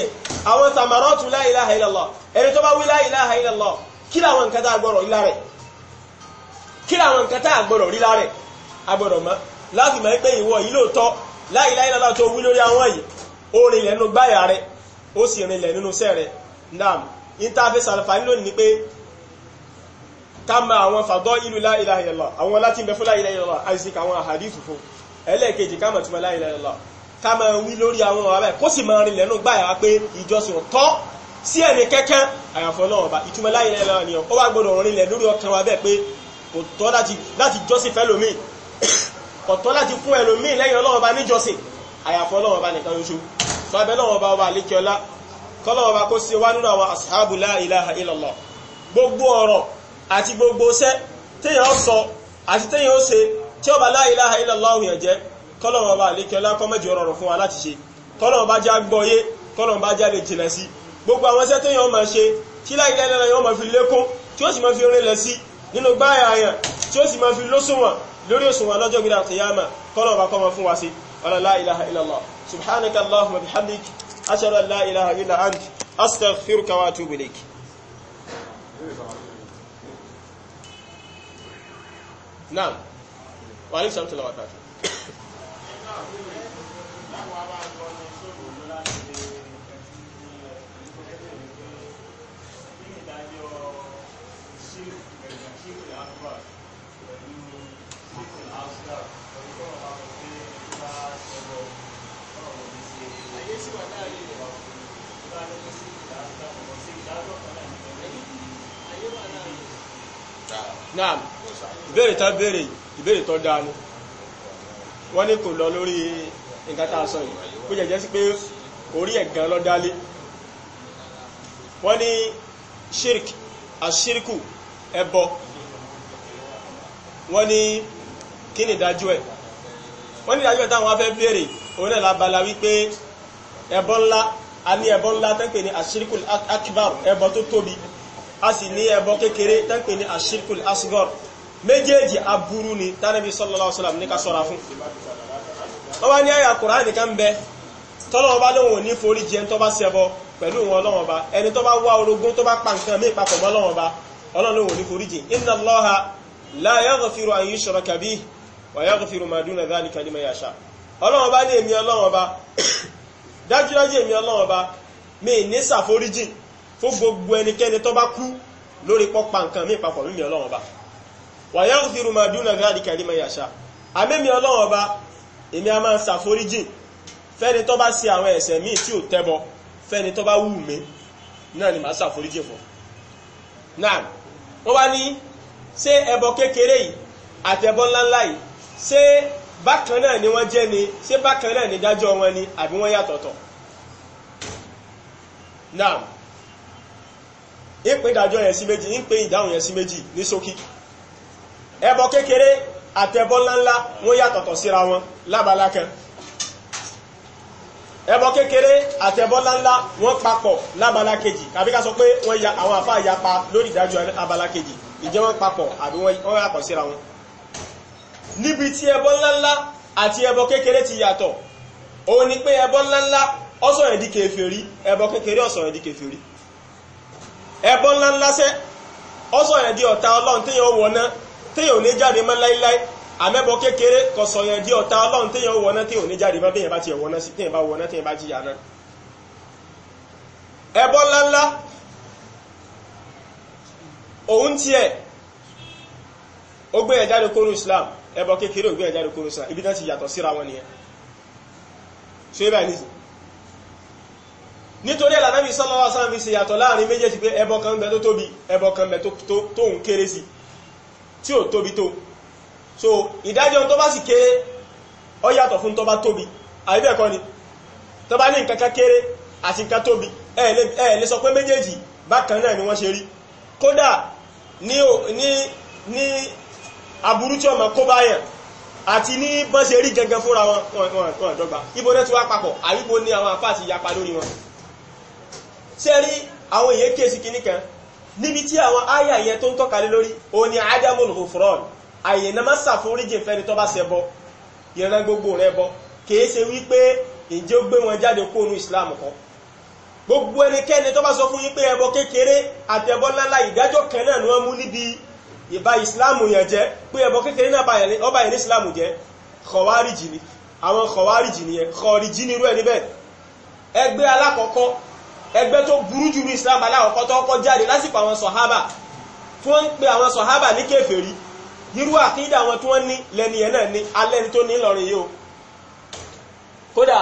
ẹ̀ àwọn samarọ́tù la ilaha illallah ẹni tó bá wí la ilaha illallah kí làwọn nǹkan tá a gbọ́dọ̀ rí lára ẹ̀ kí làwọn nǹkan tá a gbọ́dọ̀ rí lára ẹ̀ a gbọ́dọ̀ mọ̀ láti mọ̀ pé ìwọ yìí lóòótọ́ la ilaha tó wí lórí àwọn yìí ó rinlẹ̀ nínú gbáyà rẹ̀ ó sì rinlẹ̀ nínú sẹ́ rẹ̀ nam interface àlàfààní lónìí ni pé ká mọ àwọn fàgọ́ ìlú la ilaha àwọn láti ń bẹ fún la ilaha ká máa wí lórí àwọn ọ̀rọ̀ báyìí kó sì máa rin lẹ́nu gbáyà wá pé ìjọsìn tọ́ sí ẹni kẹ́kẹ́ àyàfọ́ náà ọba ìtumọ̀ láyé lẹ́la ni ó wá gbọ́dọ̀ rin lẹ̀ lórí ọkàn wa bẹ́ẹ̀ pé kò tọ́ láti jọ́sìn fẹ́lòmíì kò tọ́ láti fún ẹlòmíì lẹ́yìn ọlọ́run ọba níjọsìn àyàfọ́ ọlọ́run ọba nìkan ṣoṣo sọ abẹ́ lọ́run ọba ọba àlékiọlá kọ́lọ́run ọba kó ṣe wá nínú àwọn ashabu la ilaha illallah gbogbo ọ̀rọ̀ àti gbogbo iṣẹ́ téèyàn sọ àti téèyàn ó ṣe tí ọba la ilaha illallah òyìn jẹ́ kọ́lọ̀wọ̀n bá lékẹ́ ọlá kọ́mẹ́jì rọrùn fún wa láti ṣe kọ́lọ̀wọ̀n bá já gbọ́yé kọ́lọ̀wọ̀n bá já lè jìnà sí gbogbo àwọn iṣẹ́ téèyàn máa ṣe tí láìláìlára yóò máa fi lékún tí ó sì máa fi rinlẹ̀ sí nínú gbáyà àyàn tí ó sì máa fi lóṣùwọ̀n lórí òṣùwọ̀n lọ́jọ́ gbéra kìyàmà kọ́lọ̀wọ̀n bá kọ́mọ fún wa sí ọ̀la la ilaha illallah subhanaka نعم وعليكم السلام naam ìbéèrè tó béèrè ìbéèrè tó dáa ni wọ́n ní kò lọ lórí nǹkan tá a sọ yìí kó jẹ́jẹ́ sí pé orí ẹ̀gàn lọ dálé wọ́n ní shirk ashirku ẹbọ wọ́n ní kí ni ìdájọ́ ẹ̀ wọ́n ní ìdájọ́ ẹ̀ táwọn afẹ́ béèrè òun náà labala wípé ẹbọ ńlá a ní ẹbọ ńlá tán ní ashirku akbar ẹbọ tó tóbi a sì ní ẹbọ kékeré tán ní ashirku asghar mejeji aburu ni tánàbí sallallahu alaihi wasallam ní ká sọ́ra fún wọ́n bá ní àyà kùránì kan bẹ tọ́lọ́wọ́ bá lóhun ní forí jẹ tó bá ṣẹbọ pẹ̀lú wọn lọ́wọ́n ba ẹni tó bá wá orogún tó bá pa ba ọlọ́run lóhun ní inna ba ba mi ní ṣàforíjì fún gbogbo enikeni tó bá kú lórí pọ́pa nǹkan mí wa yaghfiru ma duna dhalika liman yasha àmẹ́mí ọlọ́run ọba èmi a máa ń ṣàforíjì fẹ́ni tó bá ṣe àwọn ẹ̀ṣẹ̀ míì tí ò tẹ́bọ fẹ́ni tó bá wù mí náà ni màá ṣàforíjì fún náà wọ́n wá ní ṣé ẹbọ kékeré yìí àtẹbọ ńláńlá yìí ṣé bákan náà ni wọ́n jẹ́ ni ṣé bákan náà ni dájọ́ wọn ni àbí wọ́n yàtọ̀tọ̀ náà ń pín ìdájọ́ yẹn sí méjì ń ìdáhùn yẹn sí méjì ní ṣókí. So ẹbọ kékeré àtẹbọ ńláńlá wọ́n yàtọ̀tọ̀ síra wọn lábala kan ẹbọ kékeré àtẹbọ ńláńlá wọ́n papọ̀ lábala kejì àbí ká sọ pé wọ́n ya àwọn àfáà yapa lórí ìdájọ́ abala kejì ìjẹ́ wọ́n papọ̀ àbí wọ́n yàtọ̀ síra wọn níbi tí ẹbọ ńláńlá àti ẹbọ kékeré ti yàtọ̀ òun ni pé ẹbọ ńláńlá ọsọ ẹ̀dí kèfèrí ẹbọ kékeré ọsọ ẹ̀dí kèfèrí ẹbọ ńláńlá sẹ́ ọsọ ẹ̀dí ọ̀tá ọlọ́run téèyàn wọ̀ náà téèyàn ò ní jáde mọ́ láíláí àmẹ́bọ kékeré kọ̀sọ̀yàn di ọ̀tá ọlọ́run téèyàn ó wọná téèyàn ò ní jáde mọ́ béèyàn bá tiẹ̀ wọná sí téèyàn bá wọná téèyàn bá jìyà náà ẹbọ ńláńlá òun tiẹ̀ ó gbé ẹ̀ jáde kóró Islam ẹbọ kékeré ó gbé ẹ̀ jáde kóró Islam ibi náà ti yàtọ̀ síra wọn nìyẹn ṣé báyìí nìyí nítorí ẹ̀lànà bí sọ́lọ́wọ́ sáà fi ṣe yàtọ̀ láàrin méjèèjì pé ẹbọ kan bẹ tó tóbi ẹbọ kan bẹ tó ń kéré sí i tí ò tóbi tó so ìdájọ́ tó bá sì kéré ó yàtọ̀ fún tó bá tóbi àbí bẹ́ẹ̀ kọ́ ni tó bá ní nǹkan kan kéré àti nǹkan tóbi ẹ lè sọ pé méjèèjì bákan náà ni wọ́n ṣe rí kódà ní ní aburú tí ọmọ kó báyàn àti ní bọ́n ṣe rí gangan fúnra wọn wọn ibo náà ti wá papọ̀ àyípo ní àwọn àfáà ti yapa lórí wọn ṣe rí àwọn èyí kéèsì kìíní kan níbi tí àwọn àyà yẹn tó ń tọ́ka lé lórí òun ni adamun hufron àyè náà má ṣàforíjì fẹ́ni tó bá ṣe bọ ìran gbogbo rẹ̀ bọ kìí ṣe wípé ìjẹ́ ó gbé wọn jáde kóònù islam kọ́ gbogbo ẹnikẹ́ni tó bá sọ fún yín pé ẹbọ kékeré àtẹbọ ńláńlá ìdájọ́ kan náà ni wọ́n mú níbi ìbá islam yẹn jẹ́ pé ẹbọ kékeré náà ọba yẹn ní islam jẹ́ kọ̀wárìjì ni àwọn kọ̀wárìjì ni yẹn kọ̀rìjì ẹgbẹ́ tó burú jù islam aláwọ̀kọ́ tó kọ́ jáde lásìkò àwọn sọ̀hábà tí ń pe àwọn sọ̀hábà ní kèfèrí irú àkídà àwọn tí wọ́n ní lẹ́ni ẹ̀ náà ní alẹ́ni tó ní lọ́rin o kódà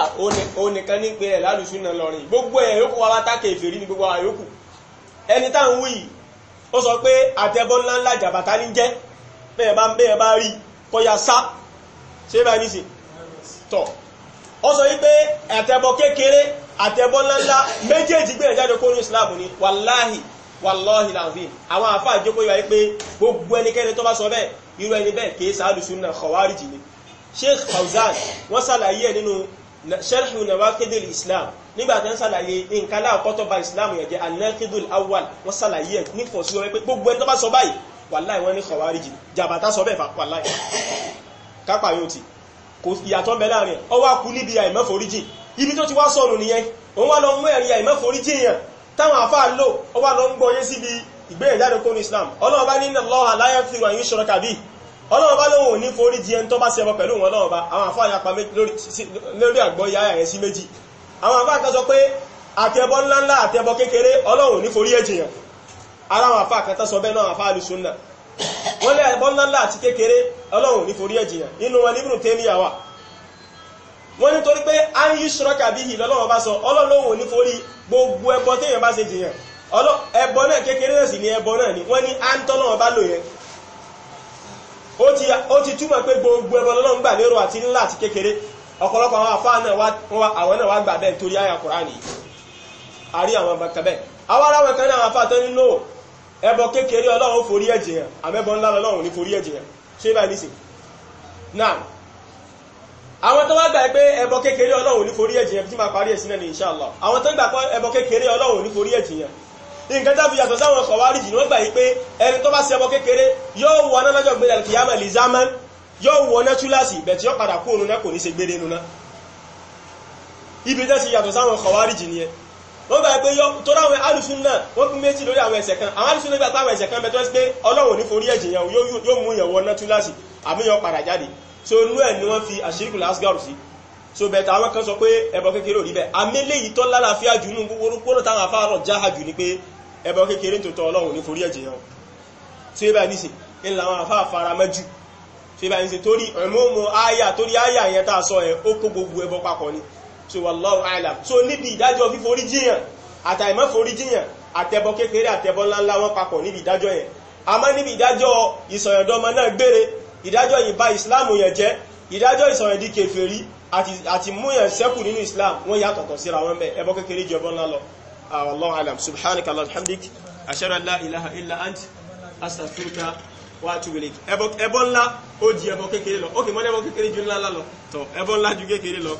onìkan ní ẹ̀ lálùsùn náà lọ́rin gbogbo ẹ̀ yókù wa bátá gbogbo àyókù ẹni tá ń ó sọ pé àtẹ́bọ́ ńláńlá jàbàtà ní jẹ́ bẹ́ẹ̀ bá ń bẹ́ẹ̀ àtẹ̀bọ́ ńláńlá méjèèjì gbé ìjáde kó ní islam ni wàláhì wàláhì làzim àwọn àfa àjókò yìí wáyé pé gbogbo ẹnikẹ́ni tó bá sọ bẹ́ẹ̀ irú ẹni bẹ́ẹ̀ kì í sáà lùsùn náà khawarij ni sheikh fauzan wọ́n sàlàyé ẹ̀ nínú sharhu nawaqidil islam nígbà tí wọ́n sàlàyé nǹkan láàkọ́ tó ba islam yẹn jẹ́ anakidul awwal wọ́n sàlàyé ẹ̀ ní fọ̀sí wọn pé gbogbo ẹni tó bá sọ ìyàtọ̀ bẹ láàrin ọwọ́ akú níbi àìmọ́foríjì ibi tó ti wá sọnù nìyẹn òun wá lọ mú ẹ̀rí àìmọ́forí jìyàn táwọn àfáà lò ó wá lọ ń gbọ́yé síbi ìgbéyànjáde Islam ọlọ́run bá ní Allah la yaghfiru an yushraka bihi ọlọ́run bá lóhun ní forí jì ẹni tó bá ṣẹbọ pẹ̀lú wọn ọlọ́run bá àwọn àfáà yapa lórí àgbọ́ ìyá ẹ̀ sí méjì àwọn àfáà kan sọ pé àtẹbọ ńláńlá àtẹbọ kékeré ọlọ́run ní forí ẹ̀jìyàn ara àwọn àfáà kan tán sọ wọ́n lé àtẹbọ àti kékeré ọlọ́run ní forí ẹ̀jìyàn inú wọn ní Ibn Taymiyyah wà wọ́n ní torí pé a ń yí ṣọ́rọ́kà bí i lọ́lọ́wọ́ bá sọ ọlọ́lọ́wọ́ ní forí gbogbo ẹbọ tí èèyàn bá ṣe jìyàn ẹbọ náà kékeré náà sì ni ẹbọ náà ni wọ́n ní a ń tọ́lọ́wọ́ bá lò yẹn ti túmọ̀ pé gbogbo ẹbọ lọ́lọ́wọ́ gbà lérò àti ńlá àti kékeré ọ̀pọ̀lọpọ̀ àwọn afá náà àwọn náà wá gbà bẹ́ẹ̀ torí àyà àrí àwọn àwọn tó wá gbà pé ẹbọ kékeré ọlọ́run ní forí ẹ̀jìn yẹn tí máa parí ẹ̀sìn náà ní inshallah àwọn tó gbà pé ẹbọ kékeré ọlọ́run ní forí ẹ̀jìn yẹn nǹkan tó fi yàtọ̀ sáwọn kọ̀wárìjì ni wọ́n gbà yí pé ẹni tó bá ṣe ẹbọ kékeré yóò wọ náà lọ́jọ́ gbé alkiyama lè zaman yóò wọ náà túláàsì bẹ̀tí yóò padà kú òun náà kò ní ṣe gbére nu náà ibi tó ṣe yàtọ̀ sáwọn kọ̀wárìjì nìyẹn wọ́n gbà pé tó ráwọn alùsùn náà wọ́n pín méjì lórí àwọn ẹ̀ṣẹ̀ kan àwọn alùsùn náà gbà pé àwọn ẹ̀ṣẹ̀ kan bẹ̀ tó pé ọlọ́run ní forí ẹ̀jìn yóò mú ìyẹ̀wọ̀ náà túláàsì àmúyọ padà jáde so inú ẹ̀ ni wọ́n fi àṣíríkù lásgàrù sí so bẹ̀tà àwọn kan sọ pé ẹbọ kékeré ò rí bẹ́ẹ̀ amélé yìí tọ́ lálàáfíà jù nù gbogbo táwọn afárọ̀ jáhà jù ní pé ẹbọ kékeré tó tọ́ ọlọ́run ní forí ẹ̀jẹ̀ yẹn so ibà ní sí ń làwọn afá faramọ́ jù so ibà ní sí torí ẹ̀mọ́mọ́ àyà torí àyà yẹn tá a sọ ẹ̀ ó kó gbogbo ẹbọ papọ̀ ni so wallahu a'lam so níbi ìdájọ́ fíforí jiyàn àtàìmọ́ forí jiyàn àtẹbọ kékeré àtẹbọ ńláńlá wọn papọ̀ níbi ìdájọ́ yẹn àmọ́ níbi ìdájọ́ ìsọ̀yọ̀dọ́mọ náà gbére ìdájọ́ yìí bà ìsìláàmù yẹn jẹ́ ìdájọ́ ìsọ̀rọ̀ di kèfèrí àti múyàn sẹ́kù nínú islam wọ́n yà tọ̀tọ̀ síra wọn bẹ́ ẹbọ kékeré jọ bọ́n ah, wallahu alam subhanaka alhamdik ashhadu an illa ant astaghfiruka wa atubu ilayk ẹbọ ńlá di ẹbọ kékeré lọ ókè mọ́ ẹbọ kékeré ju ńlá lọ tọ ẹbọ ńlá ju kékeré lọ